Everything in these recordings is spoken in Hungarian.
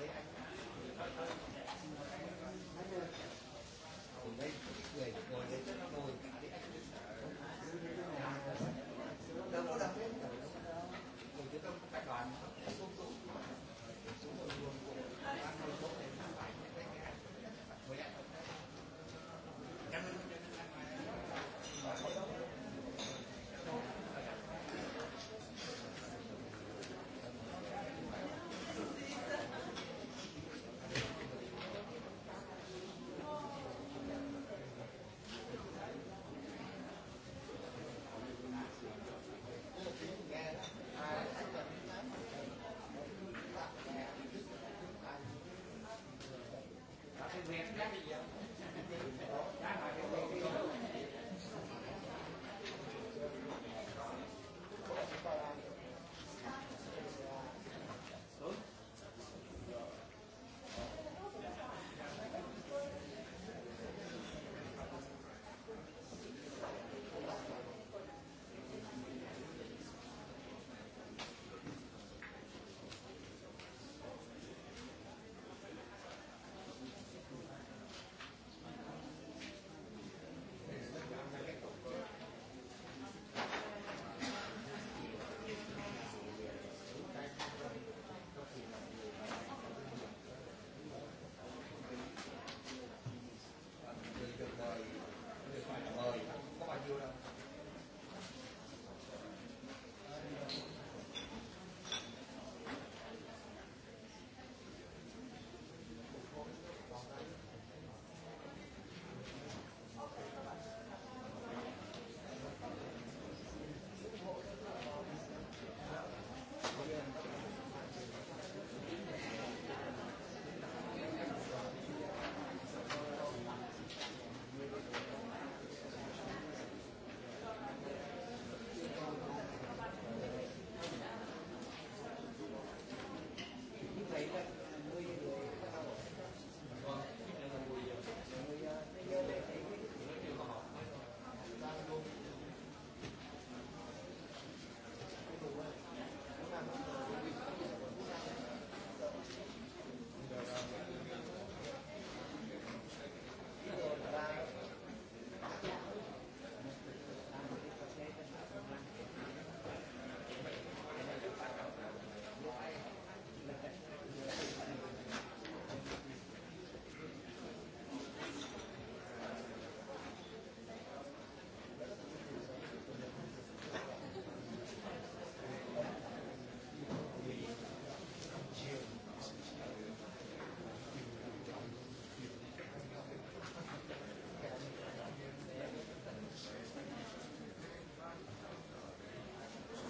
Thank you.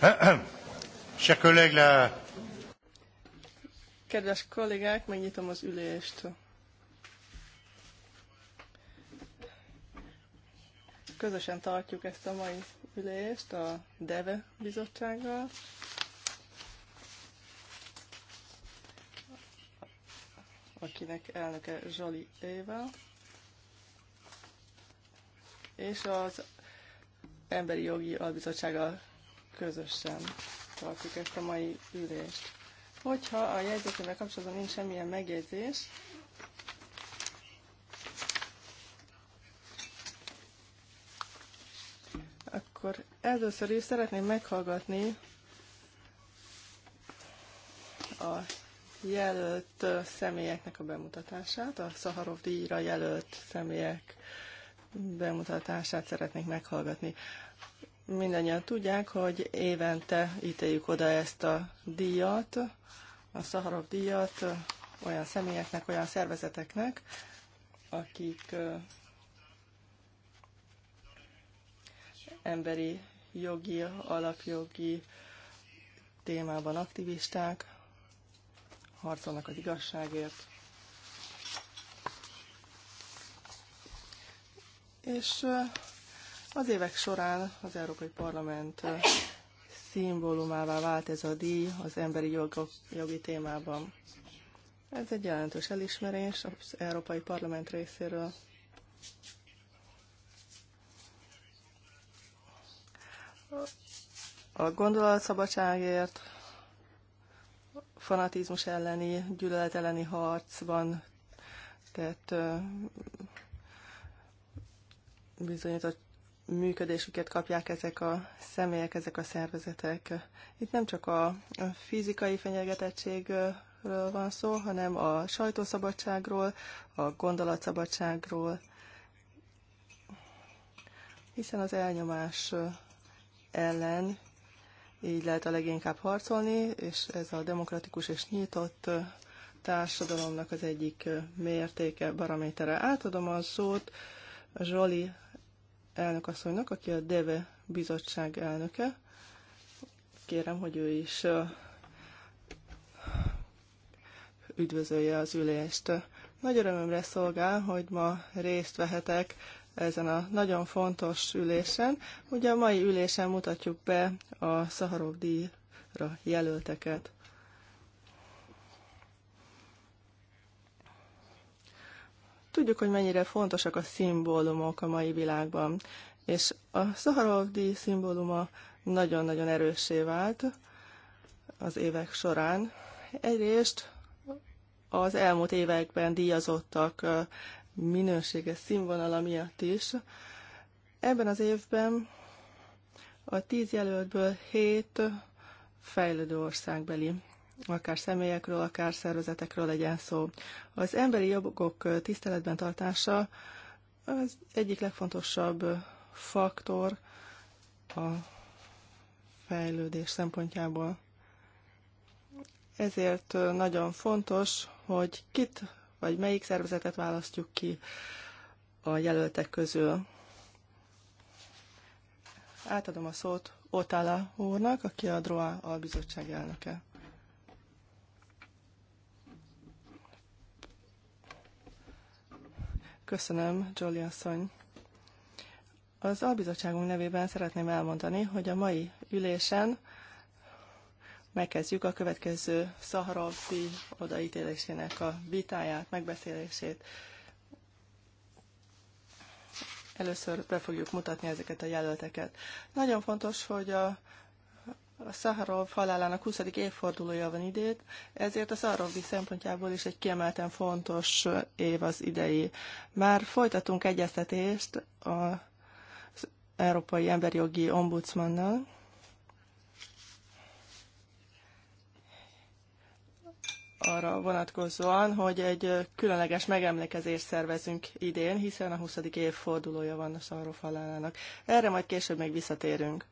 Kedves kollégák, megnyitom az ülést. Közösen tartjuk ezt a mai ülést a DEVE bizottsággal. akinek elnöke Zsoli Éva, és az Emberi Jogi Albizottsága közösen tartjuk ezt a mai ülést. Hogyha a jegyzőkönyvvel kapcsolatban nincs semmilyen megjegyzés, akkor először is szeretném meghallgatni a jelölt személyeknek a bemutatását, a Szaharov díjra jelölt személyek bemutatását szeretnék meghallgatni. Mindannyian tudják, hogy évente ítéljük oda ezt a díjat, a Szaharov díjat olyan személyeknek, olyan szervezeteknek, akik emberi jogi, alapjogi témában aktivisták, harcolnak az igazságért. És az évek során az Európai Parlament szimbólumává vált ez a díj az emberi jogok, jogi témában. Ez egy jelentős elismerés az Európai Parlament részéről. A gondolatszabadságért, fanatizmus elleni, gyűlölet elleni harcban tett bizonyított működésüket kapják ezek a személyek, ezek a szervezetek. Itt nem csak a fizikai fenyegetettségről van szó, hanem a sajtószabadságról, a gondolatszabadságról, hiszen az elnyomás ellen így lehet a leginkább harcolni, és ez a demokratikus és nyitott társadalomnak az egyik mértéke, barométere. Átadom a szót Zsoli elnökasszonynak, aki a DEVE bizottság elnöke. Kérem, hogy ő is üdvözölje az ülést. Nagy örömömre szolgál, hogy ma részt vehetek ezen a nagyon fontos ülésen. Ugye a mai ülésen mutatjuk be a Szaharov díjra jelölteket. Tudjuk, hogy mennyire fontosak a szimbólumok a mai világban, és a Szaharov díj szimbóluma nagyon-nagyon erőssé vált az évek során. Egyrészt az elmúlt években díjazottak minőséges színvonala miatt is. Ebben az évben a tíz jelöltből hét fejlődő országbeli akár személyekről, akár szervezetekről legyen szó. Az emberi jogok tiszteletben tartása az egyik legfontosabb faktor a fejlődés szempontjából. Ezért nagyon fontos, hogy kit vagy melyik szervezetet választjuk ki a jelöltek közül. Átadom a szót Otala úrnak, aki a DROA albizottság elnöke. Köszönöm, Jolly asszony. Az albizottságunk nevében szeretném elmondani, hogy a mai ülésen megkezdjük a következő Szaharovi odaítélésének a vitáját, megbeszélését. Először be fogjuk mutatni ezeket a jelölteket. Nagyon fontos, hogy a a Szaharov halálának 20. évfordulója van idén, ezért a Szaharovi szempontjából is egy kiemelten fontos év az idei. Már folytatunk egyeztetést az Európai Emberi Jogi Ombudsmannal, arra vonatkozóan, hogy egy különleges megemlékezést szervezünk idén, hiszen a 20. évfordulója van a Szarov halálának. Erre majd később még visszatérünk.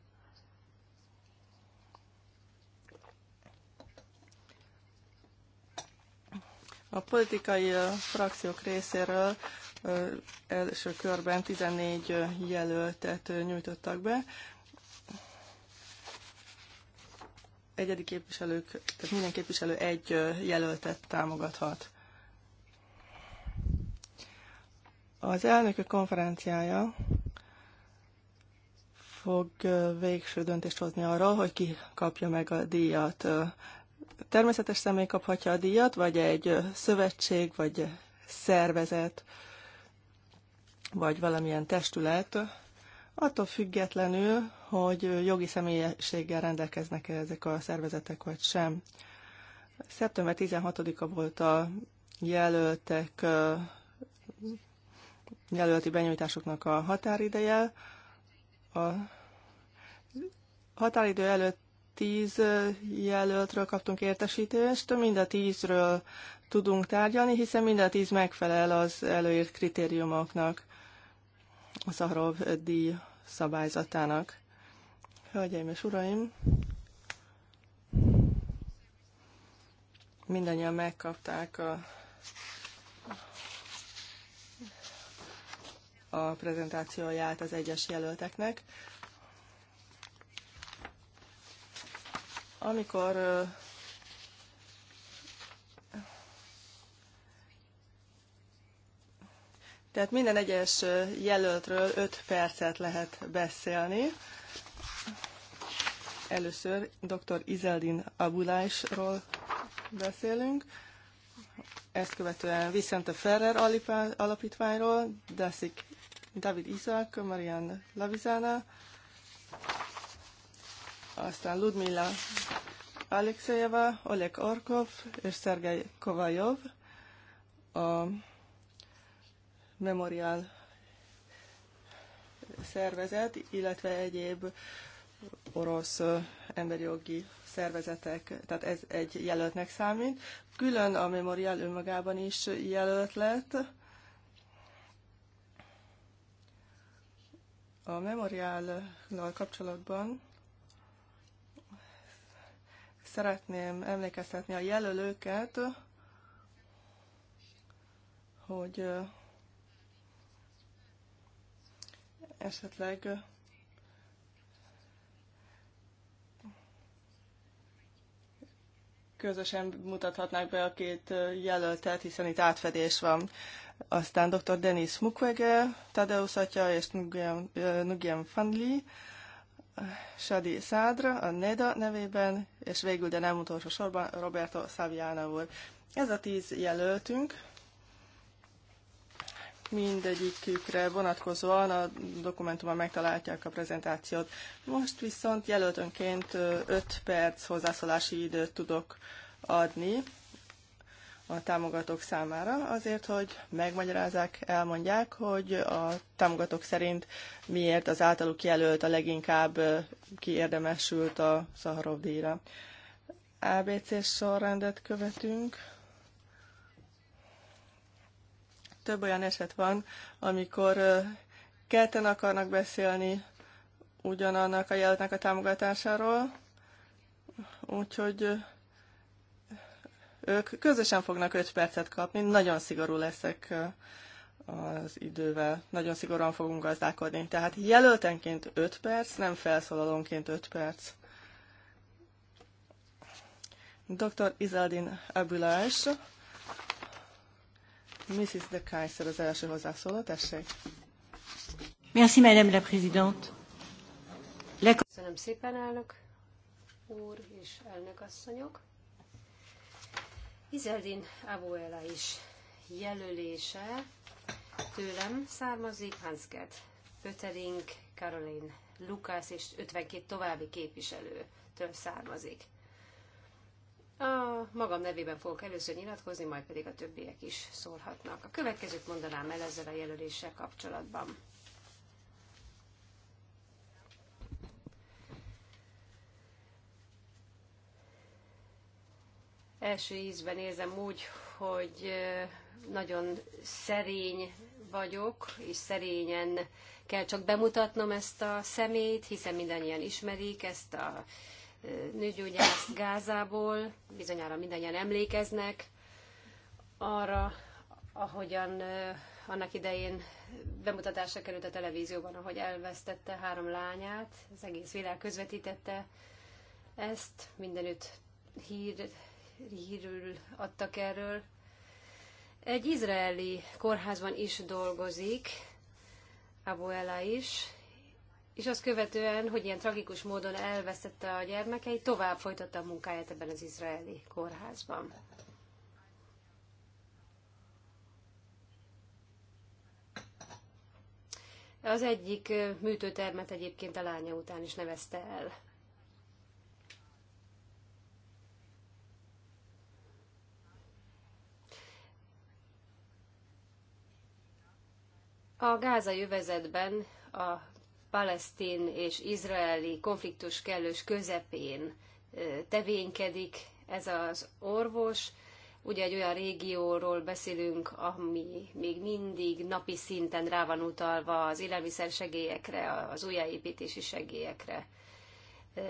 A politikai frakciók részéről első körben 14 jelöltet nyújtottak be. Egyedi képviselők, tehát minden képviselő egy jelöltet támogathat. Az elnökök konferenciája fog végső döntést hozni arról, hogy ki kapja meg a díjat természetes személy kaphatja a díjat, vagy egy szövetség, vagy szervezet, vagy valamilyen testület, attól függetlenül, hogy jogi személyiséggel rendelkeznek -e ezek a szervezetek, vagy sem. Szeptember 16-a volt a jelöltek jelölti benyújtásoknak a határideje. A határidő előtt tíz jelöltről kaptunk értesítést, mind a tízről tudunk tárgyalni, hiszen mind a tíz megfelel az előírt kritériumoknak, a Szahrov díj szabályzatának. Hölgyeim és uraim! Mindannyian megkapták a, a prezentációját az egyes jelölteknek. Amikor Tehát minden egyes jelöltről 5 percet lehet beszélni. Először dr. Izeldin Abulásról beszélünk, ezt követően Vicente Ferrer alapítványról, Dasik David Isaac, Marian Lavizana, aztán Ludmila Alexejeva, Oleg Orkov és Szergej Kovajov a Memorial szervezet, illetve egyéb orosz emberi jogi szervezetek, tehát ez egy jelöltnek számít. Külön a Memorial önmagában is jelölt lett. A Memorial kapcsolatban Szeretném emlékeztetni a jelölőket, hogy esetleg közösen mutathatnák be a két jelöltet, hiszen itt átfedés van. Aztán dr. Denis Mukwege, Tadeusz atya és Nugiem Fanli Sadi Szádra, a NEDA nevében, és végül, de nem utolsó sorban, Roberto Saviana úr. Ez a tíz jelöltünk, mindegyikükre vonatkozóan a dokumentumban megtalálják a prezentációt. Most viszont jelöltönként 5 perc hozzászólási időt tudok adni a támogatók számára, azért, hogy megmagyarázzák, elmondják, hogy a támogatók szerint miért az általuk jelölt a leginkább kiérdemesült a Szaharov díjra. ABC sorrendet követünk. Több olyan eset van, amikor ketten akarnak beszélni ugyanannak a jelöltnek a támogatásáról, úgyhogy ők közösen fognak 5 percet kapni, nagyon szigorú leszek az idővel, nagyon szigorúan fogunk gazdálkodni. Tehát jelöltenként 5 perc, nem felszólalónként 5 perc. Dr. Izaldin Abulás, Mrs. de Kaiser az első hozzászóló, tessék. Merci, Madame la Présidente. Köszönöm szépen, elnök úr és elnök asszonyok. Izeldin Abuela is jelölése tőlem származik, Hansket Pötering, Karolin Lukás és 52 további képviselőtől származik. A magam nevében fogok először nyilatkozni, majd pedig a többiek is szólhatnak. A következőt mondanám el ezzel a jelöléssel kapcsolatban. Első ízben érzem úgy, hogy nagyon szerény vagyok, és szerényen kell csak bemutatnom ezt a szemét, hiszen mindannyian ismerik ezt a nőgyógyász Gázából, bizonyára mindannyian emlékeznek arra, ahogyan annak idején bemutatásra került a televízióban, ahogy elvesztette három lányát, az egész világ közvetítette ezt, mindenütt hír hírül adtak erről. Egy izraeli kórházban is dolgozik, Abuela is, és azt követően, hogy ilyen tragikus módon elvesztette a gyermekeit, tovább folytatta a munkáját ebben az izraeli kórházban. Az egyik műtőtermet egyébként a lánya után is nevezte el. A gázai övezetben a palesztin és izraeli konfliktus kellős közepén tevékenykedik ez az orvos. Ugye egy olyan régióról beszélünk, ami még mindig napi szinten rá van utalva az élelmiszer segélyekre, az újjáépítési segélyekre.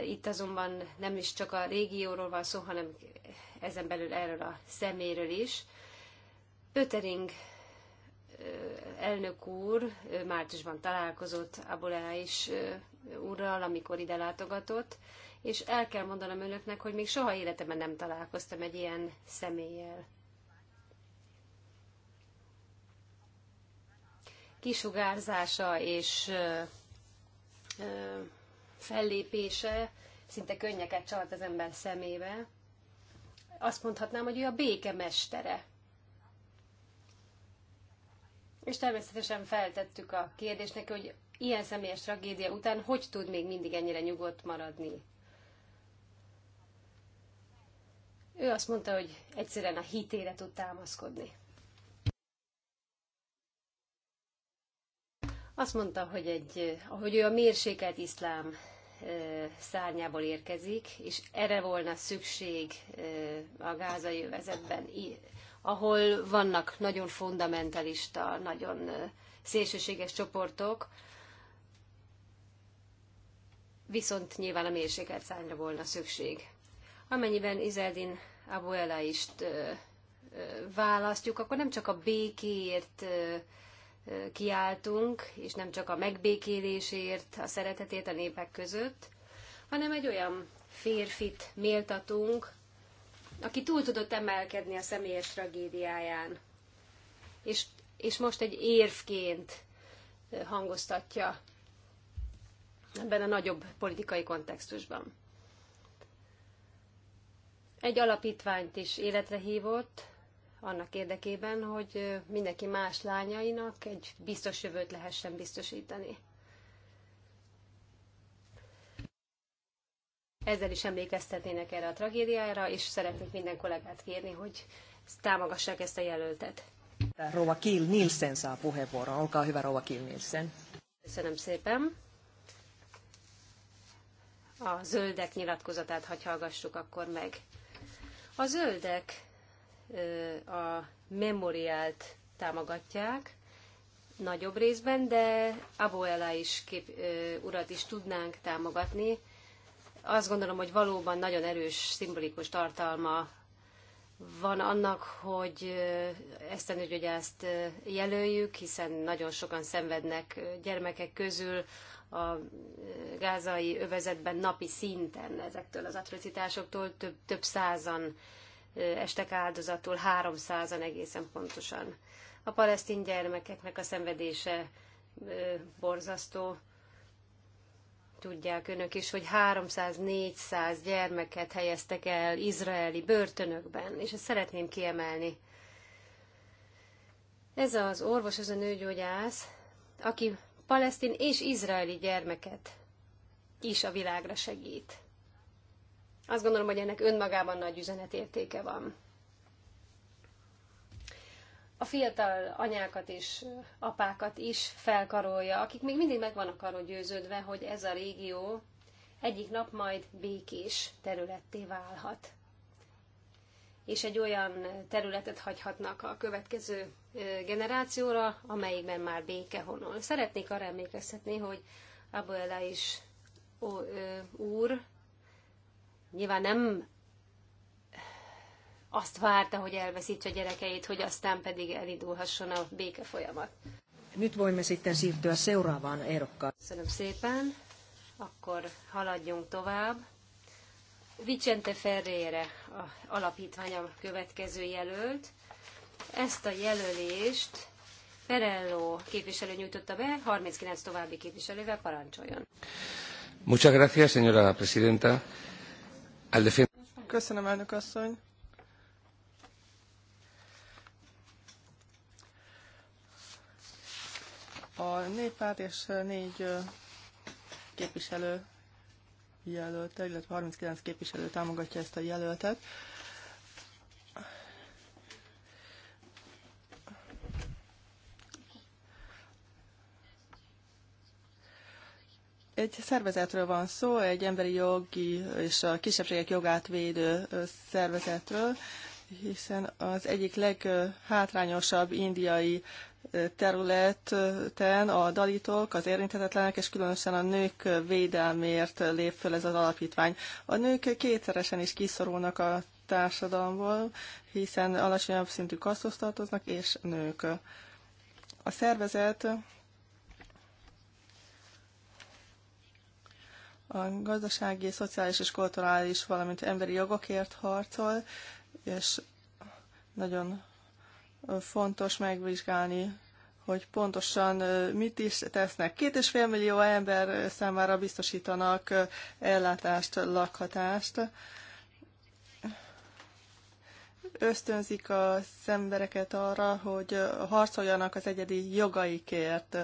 Itt azonban nem is csak a régióról van szó, hanem ezen belül erről a szeméről is. Pöttering elnök úr márciusban találkozott Abolá is úrral, amikor ide látogatott, és el kell mondanom önöknek, hogy még soha életemben nem találkoztam egy ilyen személlyel. Kisugárzása és fellépése szinte könnyeket csalt az ember szemébe. Azt mondhatnám, hogy ő a béke mestere és természetesen feltettük a kérdést neki, hogy ilyen személyes tragédia után hogy tud még mindig ennyire nyugodt maradni. Ő azt mondta, hogy egyszerűen a hitére tud támaszkodni. Azt mondta, hogy, egy, hogy ő a mérsékelt iszlám szárnyából érkezik, és erre volna szükség a gázai övezetben ahol vannak nagyon fundamentalista, nagyon szélsőséges csoportok, viszont nyilván a mérsékelt szányra volna szükség. Amennyiben Izeldin Abuelaist választjuk, akkor nem csak a békéért kiáltunk, és nem csak a megbékélésért, a szeretetét a népek között, hanem egy olyan férfit méltatunk, aki túl tudott emelkedni a személyes tragédiáján, és, és most egy érvként eh, hangoztatja ebben a nagyobb politikai kontextusban. Egy alapítványt is életre hívott, annak érdekében, hogy eh, mindenki más lányainak egy biztos jövőt lehessen biztosítani. ezzel is emlékeztetnének erre a tragédiára, és szeretnék minden kollégát kérni, hogy támogassák ezt a jelöltet. Rova Kiel Nielsen saa puheenvuoron. Olkaa hyvä, Rova Kiel Nielsen. Köszönöm szépen. A zöldek nyilatkozatát, ha hallgassuk akkor meg. A zöldek a memoriált támogatják, nagyobb részben, de Abuela is kép, urat is tudnánk támogatni, azt gondolom, hogy valóban nagyon erős szimbolikus tartalma van annak, hogy ezt a nőgyógyászt jelöljük, hiszen nagyon sokan szenvednek gyermekek közül a gázai övezetben napi szinten ezektől az atrocitásoktól több, több százan estek áldozatul, háromszázan egészen pontosan. A palesztin gyermekeknek a szenvedése borzasztó, tudják önök is, hogy 300-400 gyermeket helyeztek el izraeli börtönökben, és ezt szeretném kiemelni. Ez az orvos, ez a nőgyógyász, aki palesztin és izraeli gyermeket is a világra segít. Azt gondolom, hogy ennek önmagában nagy üzenetértéke van a fiatal anyákat és apákat is felkarolja, akik még mindig meg vannak arról győződve, hogy ez a régió egyik nap majd békés területté válhat. És egy olyan területet hagyhatnak a következő generációra, amelyikben már béke honol. Szeretnék arra emlékeztetni, hogy Abuela is ó, ö, úr nyilván nem azt várta, hogy elveszítse a gyerekeit, hogy aztán pedig elindulhasson a béke folyamat. Nyt voimme sitten siirtyä seuraavaan ehdokkaan. Köszönöm szépen. Akkor haladjunk tovább. Vicente Ferrére a alapítvány következő jelölt. Ezt a jelölést Perello képviselő nyújtotta be, 39 további képviselővel parancsoljon. Muchas gracias, señora presidenta. Köszönöm, elnök asszony. A néppárt és négy képviselő jelölt, illetve 39 képviselő támogatja ezt a jelöltet. egy szervezetről van szó, egy emberi jogi és a kisebbségek jogát védő szervezetről, hiszen az egyik leghátrányosabb indiai területen a dalitok, az érintetetlenek és különösen a nők védelmért lép föl ez az alapítvány. A nők kétszeresen is kiszorulnak a társadalomból, hiszen alacsonyabb szintű kasztos tartoznak, és nők. A szervezet a gazdasági, szociális és kulturális, valamint emberi jogokért harcol, és nagyon fontos megvizsgálni, hogy pontosan mit is tesznek. Két és fél millió ember számára biztosítanak ellátást, lakhatást. Ösztönzik az embereket arra, hogy harcoljanak az egyedi jogaikért.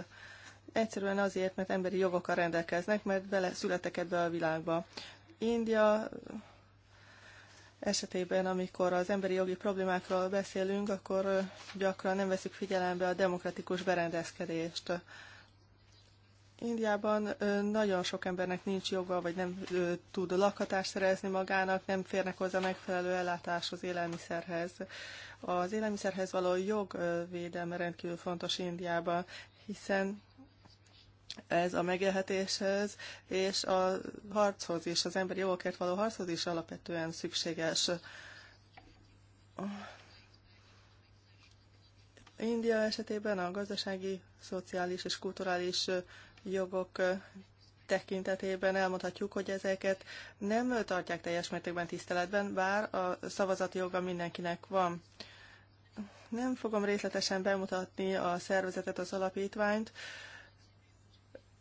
Egyszerűen azért, mert emberi jogokkal rendelkeznek, mert bele születek ebbe a világba. India esetében, amikor az emberi jogi problémákról beszélünk, akkor gyakran nem veszük figyelembe a demokratikus berendezkedést. Indiában nagyon sok embernek nincs joga, vagy nem tud lakhatást szerezni magának, nem férnek hozzá megfelelő ellátás az élelmiszerhez. Az élelmiszerhez való jogvédelme rendkívül fontos Indiában, hiszen ez a megélhetéshez és a harchoz is, az emberi jogokért való harchoz is alapvetően szükséges. India esetében a gazdasági, szociális és kulturális jogok tekintetében elmondhatjuk, hogy ezeket nem tartják teljes mértékben tiszteletben, bár a szavazati joga mindenkinek van. Nem fogom részletesen bemutatni a szervezetet, az alapítványt,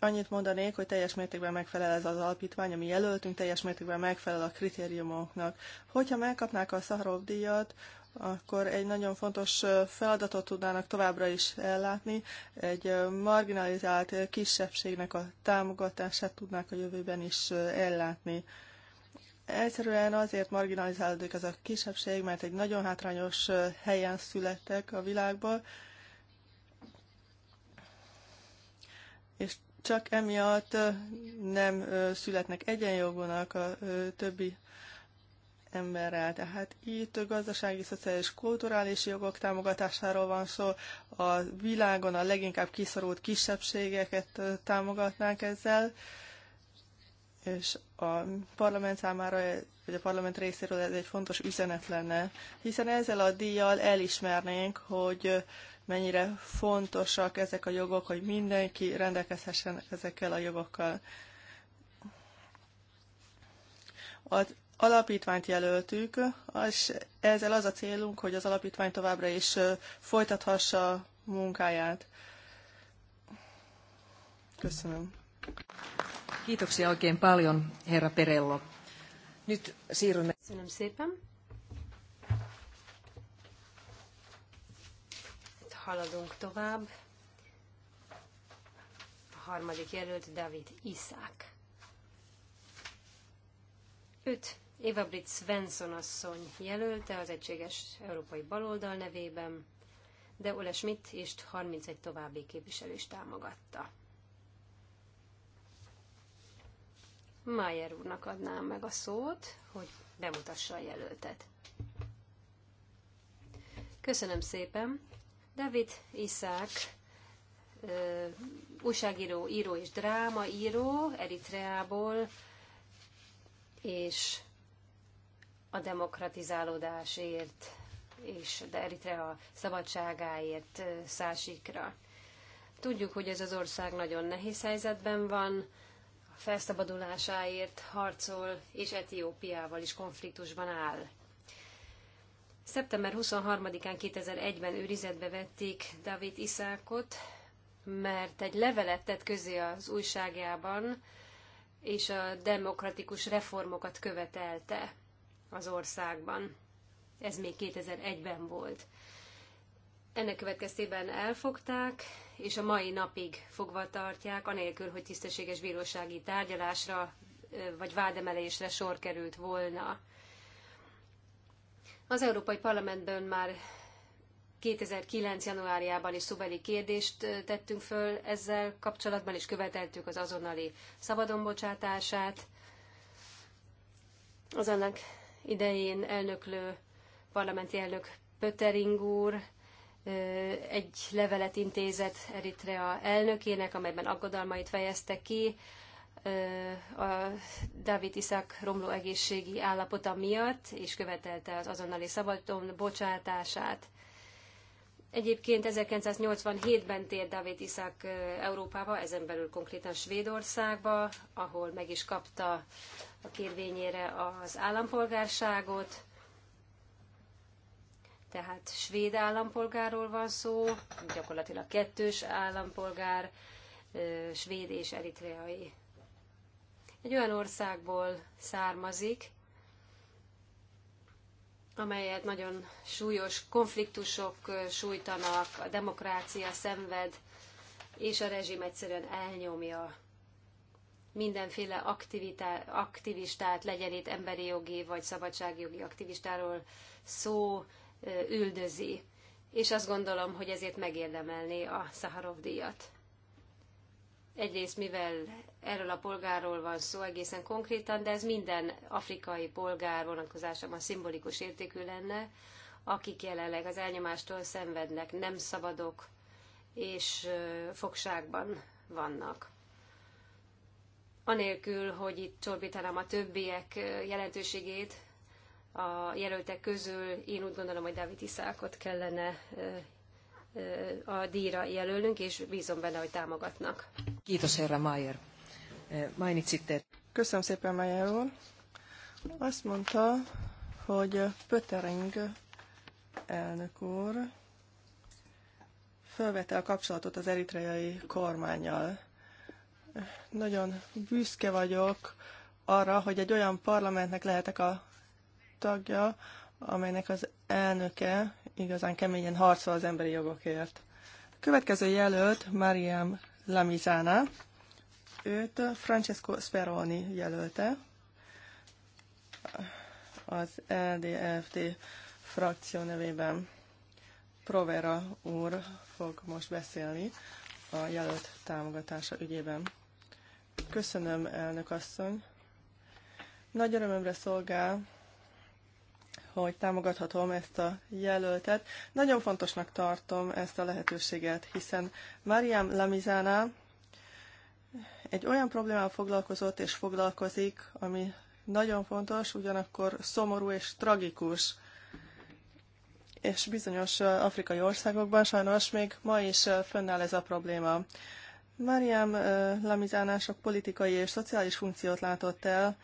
Annyit mondanék, hogy teljes mértékben megfelel ez az alapítvány, ami jelöltünk, teljes mértékben megfelel a kritériumoknak. Hogyha megkapnák a Szaharov díjat, akkor egy nagyon fontos feladatot tudnának továbbra is ellátni, egy marginalizált kisebbségnek a támogatását tudnák a jövőben is ellátni. Egyszerűen azért marginalizálódik ez a kisebbség, mert egy nagyon hátrányos helyen születtek a világban, és csak emiatt nem születnek egyenjogúnak a többi emberrel. Tehát itt gazdasági, szociális, kulturális jogok támogatásáról van szó. A világon a leginkább kiszorult kisebbségeket támogatnánk ezzel, és a parlament számára, vagy a parlament részéről ez egy fontos üzenet lenne, hiszen ezzel a díjjal elismernénk, hogy mennyire fontosak ezek a jogok, hogy mindenki rendelkezhessen ezekkel a jogokkal. Az alapítványt jelöltük, és ezzel az a célunk, hogy az alapítvány továbbra is folytathassa a munkáját. Köszönöm. Kiitoksia oikein paljon, herra Perello. Nyt siirrymme... Köszönöm szépen. haladunk tovább. A harmadik jelölt David Iszák. Őt Eva Britt Svensson asszony jelölte az egységes európai baloldal nevében, de Ole Schmidt és 31 további képviselő is támogatta. Mayer úrnak adnám meg a szót, hogy bemutassa a jelöltet. Köszönöm szépen. David Isaac, újságíró, író és drámaíró Eritreából, és a demokratizálódásért és de Eritrea szabadságáért szásikra. Tudjuk, hogy ez az ország nagyon nehéz helyzetben van, a felszabadulásáért harcol, és Etiópiával is konfliktusban áll. Szeptember 23-án 2001-ben őrizetbe vették David Iszákot, mert egy levelet tett közé az újságjában, és a demokratikus reformokat követelte az országban. Ez még 2001-ben volt. Ennek következtében elfogták, és a mai napig fogva tartják, anélkül, hogy tisztességes bírósági tárgyalásra vagy vádemelésre sor került volna. Az Európai Parlamentben már 2009. januárjában is szubeli kérdést tettünk föl ezzel kapcsolatban, és követeltük az azonnali szabadonbocsátását. Az annak idején elnöklő parlamenti elnök Pöttering úr egy levelet intézett Eritrea elnökének, amelyben aggodalmait fejezte ki a David Iszak romló egészségi állapota miatt, és követelte az azonnali szabadon bocsátását. Egyébként 1987-ben tért David Iszak Európába, ezen belül konkrétan Svédországba, ahol meg is kapta a kérvényére az állampolgárságot. Tehát svéd állampolgáról van szó, gyakorlatilag kettős állampolgár, svéd és eritreai egy olyan országból származik, amelyet nagyon súlyos konfliktusok sújtanak, a demokrácia szenved, és a rezsim egyszerűen elnyomja mindenféle aktivitá, aktivistát, legyen itt emberi jogi vagy szabadságjogi aktivistáról szó, üldözi. És azt gondolom, hogy ezért megérdemelné a Szaharov díjat. Egyrészt, mivel erről a polgárról van szó egészen konkrétan, de ez minden afrikai polgár vonatkozásában szimbolikus értékű lenne, akik jelenleg az elnyomástól szenvednek, nem szabadok és fogságban vannak. Anélkül, hogy itt csorbítanám a többiek jelentőségét, a jelöltek közül én úgy gondolom, hogy David Iszákot kellene a díjra jelölünk, és bízom benne, hogy támogatnak. Kiitos, erre Mayer. Mainitsitte. Köszönöm szépen, Mayer úr. Azt mondta, hogy Pöttering elnök úr felvette a kapcsolatot az eritreai kormányjal. Nagyon büszke vagyok arra, hogy egy olyan parlamentnek lehetek a tagja, amelynek az elnöke igazán keményen harcol az emberi jogokért. A következő jelölt Mariam Lamizana, őt Francesco Speroni jelölte, az LDFT e frakció nevében. Provera úr fog most beszélni a jelölt támogatása ügyében. Köszönöm, elnök asszony! Nagy örömömre szolgál, hogy támogathatom ezt a jelöltet. Nagyon fontosnak tartom ezt a lehetőséget, hiszen Mariam Lamizana egy olyan problémával foglalkozott és foglalkozik, ami nagyon fontos, ugyanakkor szomorú és tragikus. És bizonyos afrikai országokban sajnos még ma is fönnáll ez a probléma. Mariam Lamizana sok politikai és szociális funkciót látott el,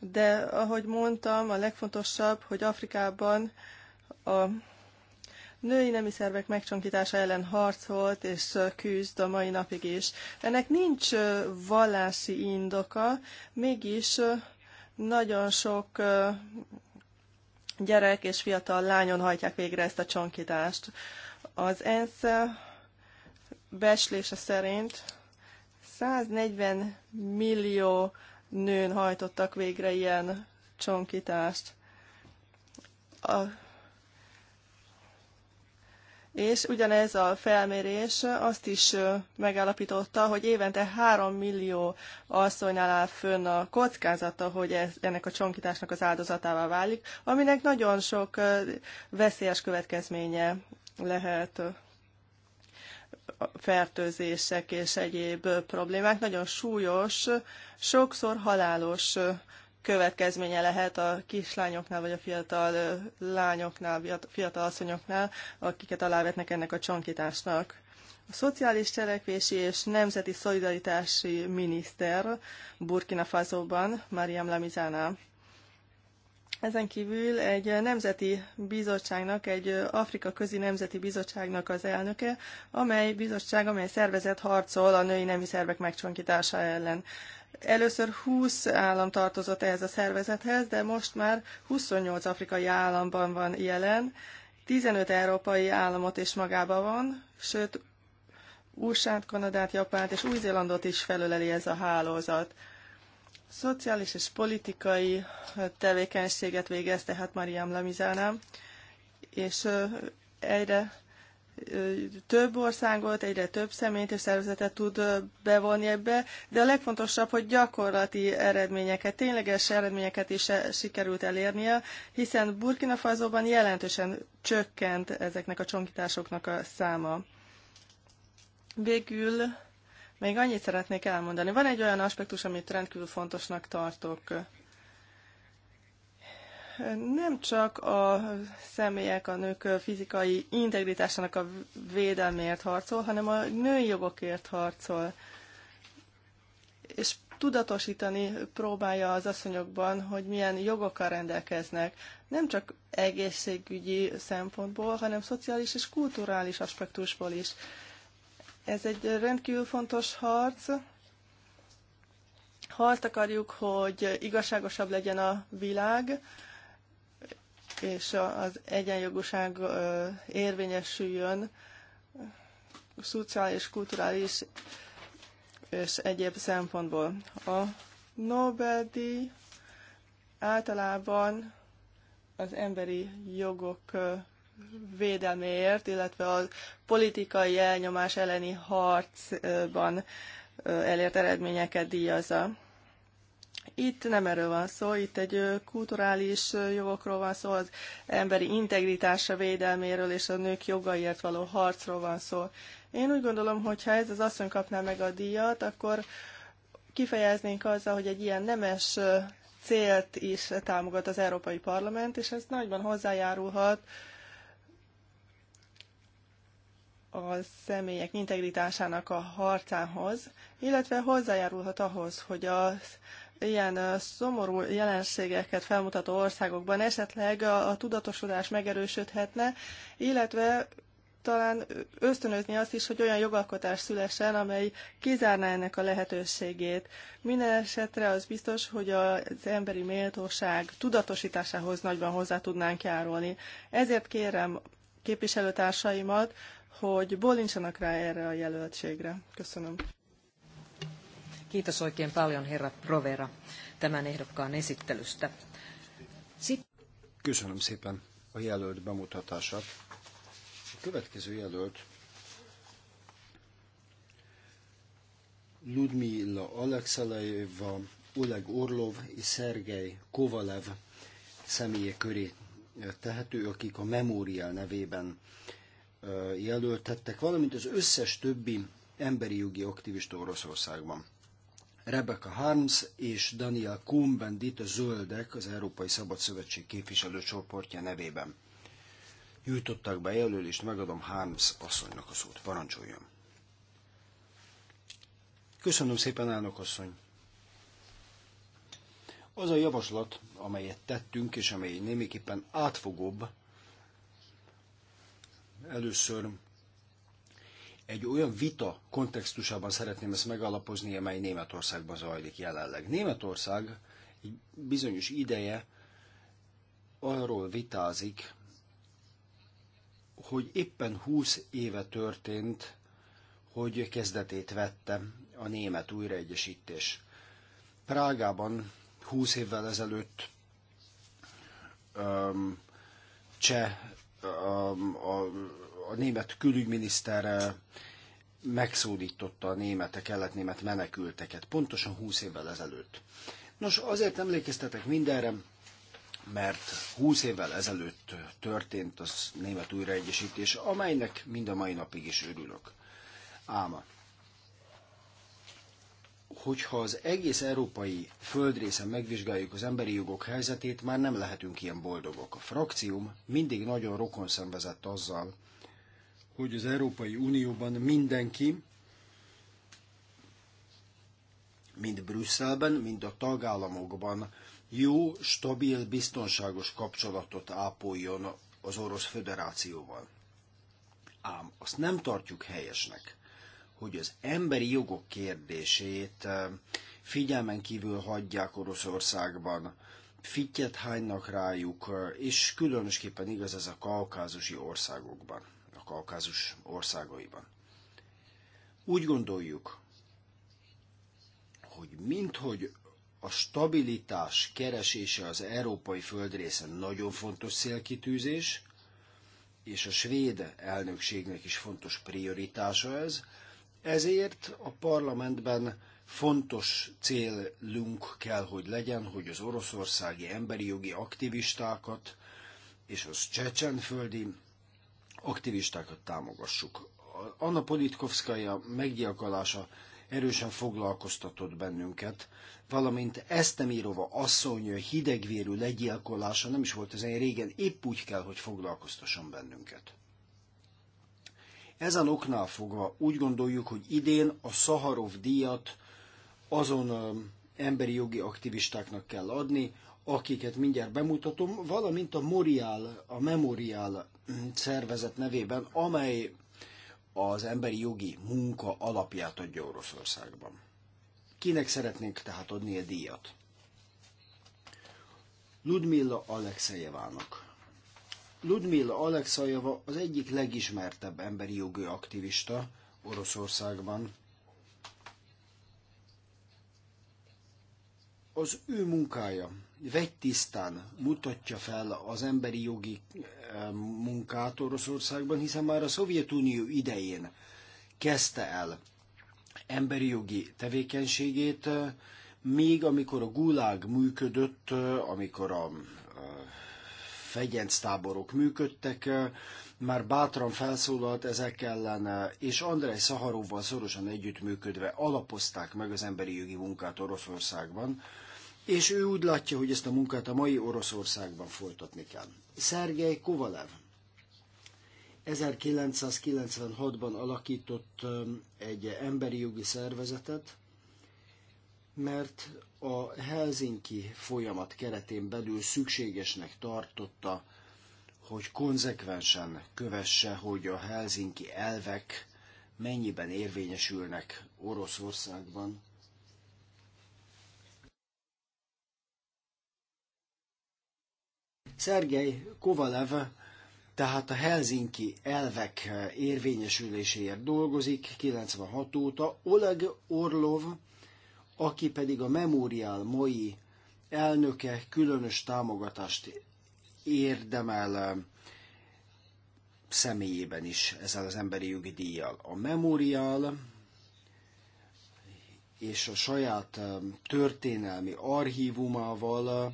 de ahogy mondtam, a legfontosabb, hogy Afrikában a női nemi szervek megcsonkítása ellen harcolt és küzd a mai napig is. Ennek nincs vallási indoka, mégis nagyon sok gyerek és fiatal lányon hajtják végre ezt a csonkítást. Az ENSZ beslése szerint 140 millió nőn hajtottak végre ilyen csonkítást. A és ugyanez a felmérés azt is megállapította, hogy évente 3 millió asszonynál áll fönn a kockázata, hogy ez, ennek a csonkításnak az áldozatává válik, aminek nagyon sok veszélyes következménye lehet fertőzések és egyéb problémák nagyon súlyos, sokszor halálos következménye lehet a kislányoknál, vagy a fiatal lányoknál, fiatal asszonyoknál, akiket alávetnek ennek a csonkításnak. A szociális cselekvési és nemzeti szolidaritási miniszter Burkina Faso-ban Mariam Lamizana ezen kívül egy nemzeti bizottságnak, egy Afrika közi nemzeti bizottságnak az elnöke, amely bizottság, amely szervezet harcol a női nemi szervek megcsonkítása ellen. Először 20 állam tartozott ehhez a szervezethez, de most már 28 afrikai államban van jelen, 15 európai államot is magában van, sőt USA-t, Kanadát, Japánt és Új-Zélandot is felöleli ez a hálózat. Szociális és politikai tevékenységet végez, tehát Mariam Lamizánám, és egyre több országot, egyre több személyt és szervezetet tud bevonni ebbe, de a legfontosabb, hogy gyakorlati eredményeket, tényleges eredményeket is e, sikerült elérnie, hiszen Burkina Faso-ban jelentősen csökkent ezeknek a csonkításoknak a száma. Végül még annyit szeretnék elmondani. Van egy olyan aspektus, amit rendkívül fontosnak tartok. Nem csak a személyek, a nők fizikai integritásának a védelmért harcol, hanem a női jogokért harcol. És tudatosítani próbálja az asszonyokban, hogy milyen jogokkal rendelkeznek, nem csak egészségügyi szempontból, hanem szociális és kulturális aspektusból is. Ez egy rendkívül fontos harc. Ha azt akarjuk, hogy igazságosabb legyen a világ, és az egyenjogúság érvényesüljön, szociális, kulturális és egyéb szempontból. A Nobel-díj általában az emberi jogok védelméért, illetve a politikai elnyomás elleni harcban elért eredményeket díjazza. Itt nem erről van szó, itt egy kulturális jogokról van szó, az emberi integritása védelméről és a nők jogaiért való harcról van szó. Én úgy gondolom, hogy ha ez az asszony kapná meg a díjat, akkor kifejeznénk azzal, hogy egy ilyen nemes célt is támogat az Európai Parlament, és ez nagyban hozzájárulhat a személyek integritásának a harcához, illetve hozzájárulhat ahhoz, hogy az ilyen szomorú jelenségeket felmutató országokban esetleg a, a tudatosodás megerősödhetne, illetve talán ösztönözni azt is, hogy olyan jogalkotás szülessen, amely kizárná ennek a lehetőségét. Minden esetre az biztos, hogy az emberi méltóság tudatosításához nagyban hozzá tudnánk járulni. Ezért kérem képviselőtársaimat, hogy bolincsanak rá erre a jelöltségre. Köszönöm. Kiitos oikein paljon herra Provera tämän ehdokkaan esittelystä. Sit- Köszönöm szépen a jelölt bemutatását. A következő jelölt Ludmila Alexelejeva, Oleg Orlov és Szergej Kovalev személye köré tehető, akik a Memorial nevében jelöltettek, valamint az összes többi emberi jogi aktivista Oroszországban. Rebecca Harms és Daniel Kuhn-Bendit a Zöldek az Európai Szabad Szövetség képviselő csoportja nevében. Jutottak be jelölést, megadom Harms asszonynak a szót. Parancsoljon! Köszönöm szépen, elnök asszony! Az a javaslat, amelyet tettünk, és amely némiképpen átfogóbb, Először egy olyan vita kontextusában szeretném ezt megalapozni, amely Németországban zajlik jelenleg. Németország egy bizonyos ideje arról vitázik, hogy éppen 20 éve történt, hogy kezdetét vette a német újraegyesítés. Prágában 20 évvel ezelőtt öm, cseh a, a, a német külügyminiszter eh, megszólította a németek, kelet-német menekülteket, pontosan 20 évvel ezelőtt. Nos, azért emlékeztetek mindenre, mert 20 évvel ezelőtt történt az német újraegyesítés, amelynek mind a mai napig is örülök. Áma hogyha az egész európai földrészen megvizsgáljuk az emberi jogok helyzetét, már nem lehetünk ilyen boldogok. A frakcióm mindig nagyon rokon szenvezett azzal, hogy az Európai Unióban mindenki, mind Brüsszelben, mind a tagállamokban jó, stabil, biztonságos kapcsolatot ápoljon az Orosz Föderációval. Ám azt nem tartjuk helyesnek, hogy az emberi jogok kérdését figyelmen kívül hagyják Oroszországban, fittyet hánynak rájuk, és különösképpen igaz ez a kaukázusi országokban, a kaukázus országaiban. Úgy gondoljuk, hogy minthogy a stabilitás keresése az európai földrészen nagyon fontos célkitűzés, és a svéd elnökségnek is fontos prioritása ez, ezért a parlamentben fontos célunk kell, hogy legyen, hogy az oroszországi emberi jogi aktivistákat és az csecsenföldi aktivistákat támogassuk. Anna Politkovskaya meggyilkolása erősen foglalkoztatott bennünket, valamint Esztemirova asszony hidegvérű legyilkolása nem is volt egy régen, épp úgy kell, hogy foglalkoztasson bennünket. Ezen oknál fogva úgy gondoljuk, hogy idén a Szaharov díjat azon emberi jogi aktivistáknak kell adni, akiket mindjárt bemutatom, valamint a Morial, a Memorial hm, szervezet nevében, amely az emberi jogi munka alapját adja Oroszországban. Kinek szeretnénk tehát adni a díjat? Ludmilla Alexejevának. Ludmila Alexajeva az egyik legismertebb emberi jogi aktivista Oroszországban. Az ő munkája tisztán mutatja fel az emberi jogi eh, munkát Oroszországban, hiszen már a Szovjetunió idején kezdte el emberi jogi tevékenységét, eh, még amikor a gulág működött, eh, amikor a táborok működtek, már bátran felszólalt ezek ellen, és Andrei Szaharovval szorosan együttműködve alapozták meg az emberi jogi munkát Oroszországban, és ő úgy látja, hogy ezt a munkát a mai Oroszországban folytatni kell. Szergej Kovalev 1996-ban alakított egy emberi jogi szervezetet, mert a Helsinki folyamat keretén belül szükségesnek tartotta, hogy konzekvensen kövesse, hogy a Helsinki elvek mennyiben érvényesülnek Oroszországban. Szergej Kovalev tehát a Helsinki elvek érvényesüléséért dolgozik 96 óta, Oleg Orlov aki pedig a Memorial mai elnöke különös támogatást érdemel eh, személyében is ezzel az emberi jogi díjjal. A Memorial és a saját eh, történelmi archívumával eh,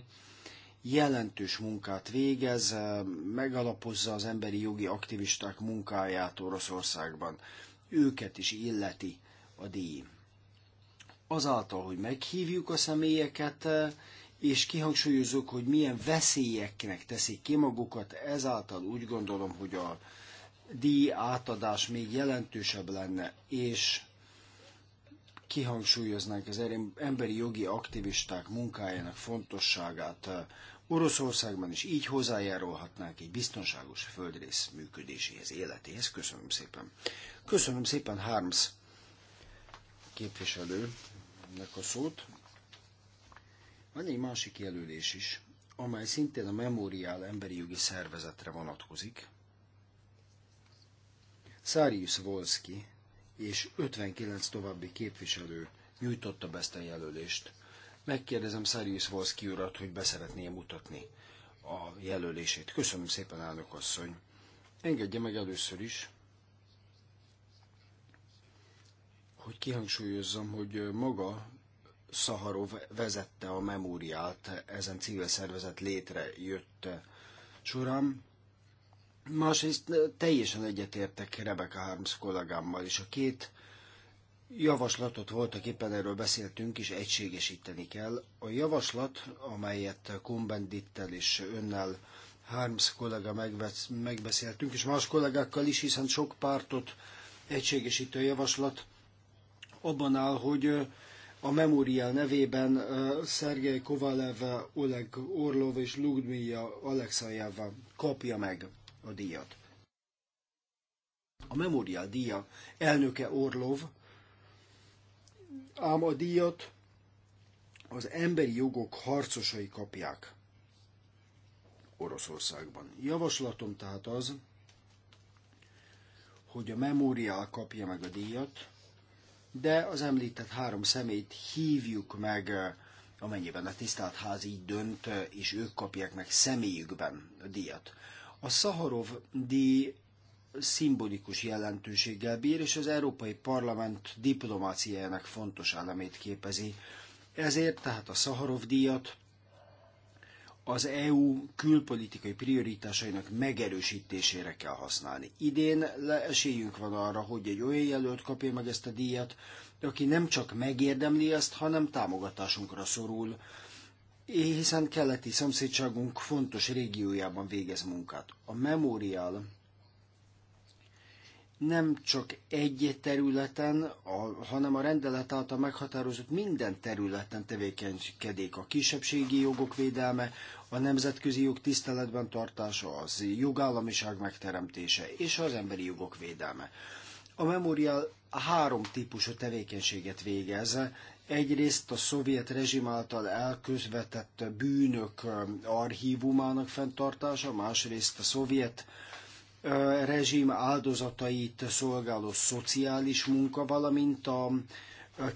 jelentős munkát végez, megalapozza az emberi jogi aktivisták munkáját Oroszországban. Őket is illeti a díj azáltal, hogy meghívjuk a személyeket, eh, és kihangsúlyozok, hogy milyen veszélyeknek teszik ki magukat, ezáltal úgy gondolom, hogy a díj átadás még jelentősebb lenne, és kihangsúlyoznánk az emberi jogi aktivisták munkájának fontosságát. Eh, Oroszországban is így hozzájárulhatnánk egy biztonságos földrész működéséhez, életéhez. Köszönöm szépen. Köszönöm szépen, Harms képviselő nek a szót. Van egy másik jelölés is, amely szintén a Memorial emberi jogi szervezetre vonatkozik. Szárius Volski és 59 további képviselő nyújtotta be ezt a jelölést. Megkérdezem Szárius Volski urat, hogy beszeretné mutatni a jelölését. Köszönöm szépen, elnök asszony. Engedje meg először is, hogy kihangsúlyozzam, hogy maga Szaharov vezette a memóriát, ezen civil szervezet létrejött során. Másrészt teljesen egyetértek Rebecca Harms kollégámmal, és a két javaslatot voltak éppen erről beszéltünk, és egységesíteni kell. A javaslat, amelyet Kumbendittel és önnel Harms kollega megbeszéltünk, és más kollégákkal is, hiszen sok pártot egységesítő javaslat, abban áll, hogy a Memorial nevében Szergei Kovalev, Oleg Orlov és Ludmilla Alexajeva kapja meg a díjat. A Memorial díja elnöke Orlov, ám a díjat az emberi jogok harcosai kapják Oroszországban. Javaslatom tehát az, hogy a Memorial kapja meg a díjat, de az említett három szemét hívjuk meg, amennyiben a tisztelt ház így dönt, és ők kapják meg személyükben a díjat. A Szaharov díj szimbolikus jelentőséggel bír, és az Európai Parlament diplomáciájának fontos elemét képezi. Ezért tehát a Szaharov díjat az EU külpolitikai prioritásainak megerősítésére kell használni. Idén esélyünk van arra, hogy egy olyan jelölt kapja meg ezt a díjat, aki nem csak megérdemli ezt, hanem támogatásunkra szorul, hiszen keleti szomszédságunk fontos régiójában végez munkát. A Memorial nem csak egy területen, a, hanem a rendelet által meghatározott minden területen tevékenykedik. A kisebbségi jogok védelme, a nemzetközi jog tiszteletben tartása, az jogállamiság megteremtése és az emberi jogok védelme. A memorial három típusú tevékenységet végez. Egyrészt a szovjet rezsim által elközvetett bűnök um, archívumának fenntartása, másrészt a szovjet rezsim áldozatait szolgáló szociális munka, valamint a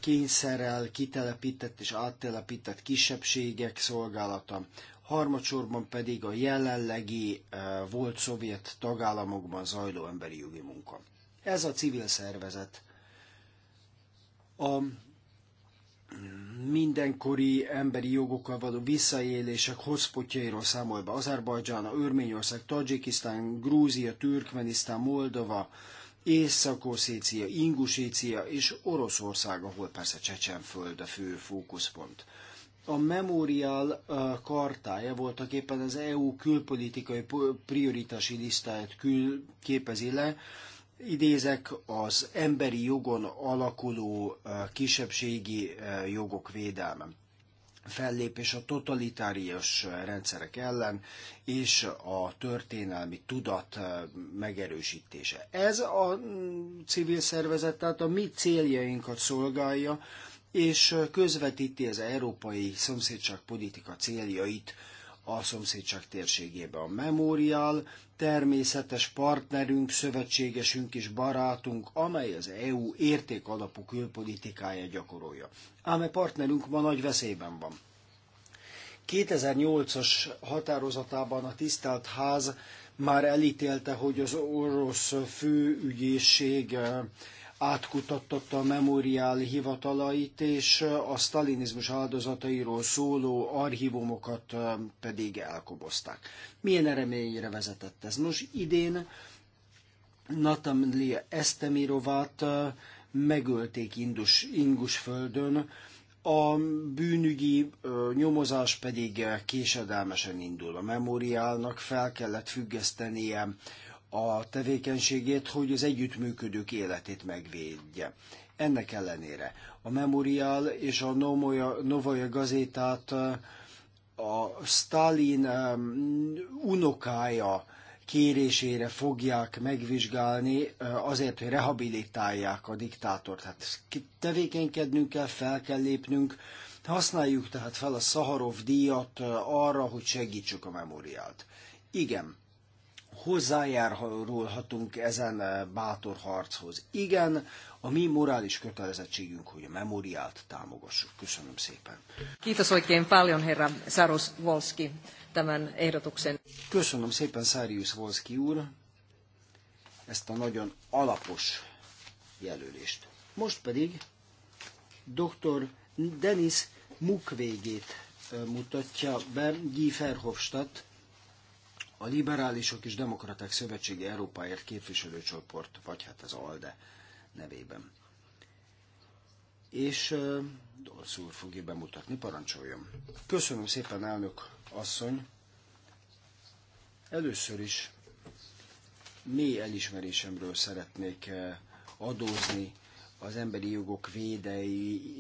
kényszerrel kitelepített és áttelepített kisebbségek szolgálata, harmadsorban pedig a jelenlegi volt szovjet tagállamokban zajló emberi jogi munka. Ez a civil szervezet a mindenkori emberi jogokkal való visszaélések hotspotjairól számol be Azerbajdzsán, Örményország, Tadzsikisztán, Grúzia, Türkmenisztán, Moldova, Észak-Oszécia, Ingusécia és Oroszország, ahol persze Csecsenföld a fő fókuszpont. A memorial kartája voltak éppen az EU külpolitikai prioritási listáját kül képezi le, idézek, az emberi jogon alakuló kisebbségi jogok védelme fellépés a totalitárius rendszerek ellen és a történelmi tudat megerősítése. Ez a civil szervezet, tehát a mi céljainkat szolgálja, és közvetíti az európai szomszédság politika céljait a szomszédság térségébe. A memorial természetes partnerünk, szövetségesünk és barátunk, amely az EU értékalapú külpolitikája gyakorolja. Ám e partnerünk ma nagy veszélyben van. 2008-as határozatában a tisztelt ház már elítélte, hogy az orosz főügyészség átkutattatta a memoriál hivatalait, és a sztalinizmus áldozatairól szóló archívumokat pedig elkobozták. Milyen eredményre vezetett ez? Nos, idén Natamlia Estemirovát megölték Indus, Ingusföldön, a bűnügyi nyomozás pedig késedelmesen indul. A memoriálnak fel kellett függesztenie a tevékenységét, hogy az együttműködők életét megvédje. Ennek ellenére a Memorial és a Novoja Gazétát a Stalin unokája kérésére fogják megvizsgálni azért, hogy rehabilitálják a diktátort. Tehát tevékenykednünk kell, fel kell lépnünk, használjuk tehát fel a Szaharov díjat arra, hogy segítsük a memoriált. Igen, hozzájárulhatunk ezen eh, bátor harchoz. Igen, a mi morális kötelezettségünk, hogy a memóriát támogassuk. Köszönöm szépen. Kiitos oikein paljon, herra Saros Volski, tämän ehdotuksen. Köszönöm szépen, Szárius Volski úr, ezt a nagyon alapos jelölést. Most pedig dr. Denis Mukvégét eh, mutatja be Guy Verhofstadt, a Liberálisok és Demokraták Szövetsége Európáért képviselőcsoport, vagy hát az ALDE nevében. És uh, Dolsz úr fogja bemutatni, parancsoljon. Köszönöm szépen, elnök asszony. Először is mély elismerésemről szeretnék adózni az emberi jogok védei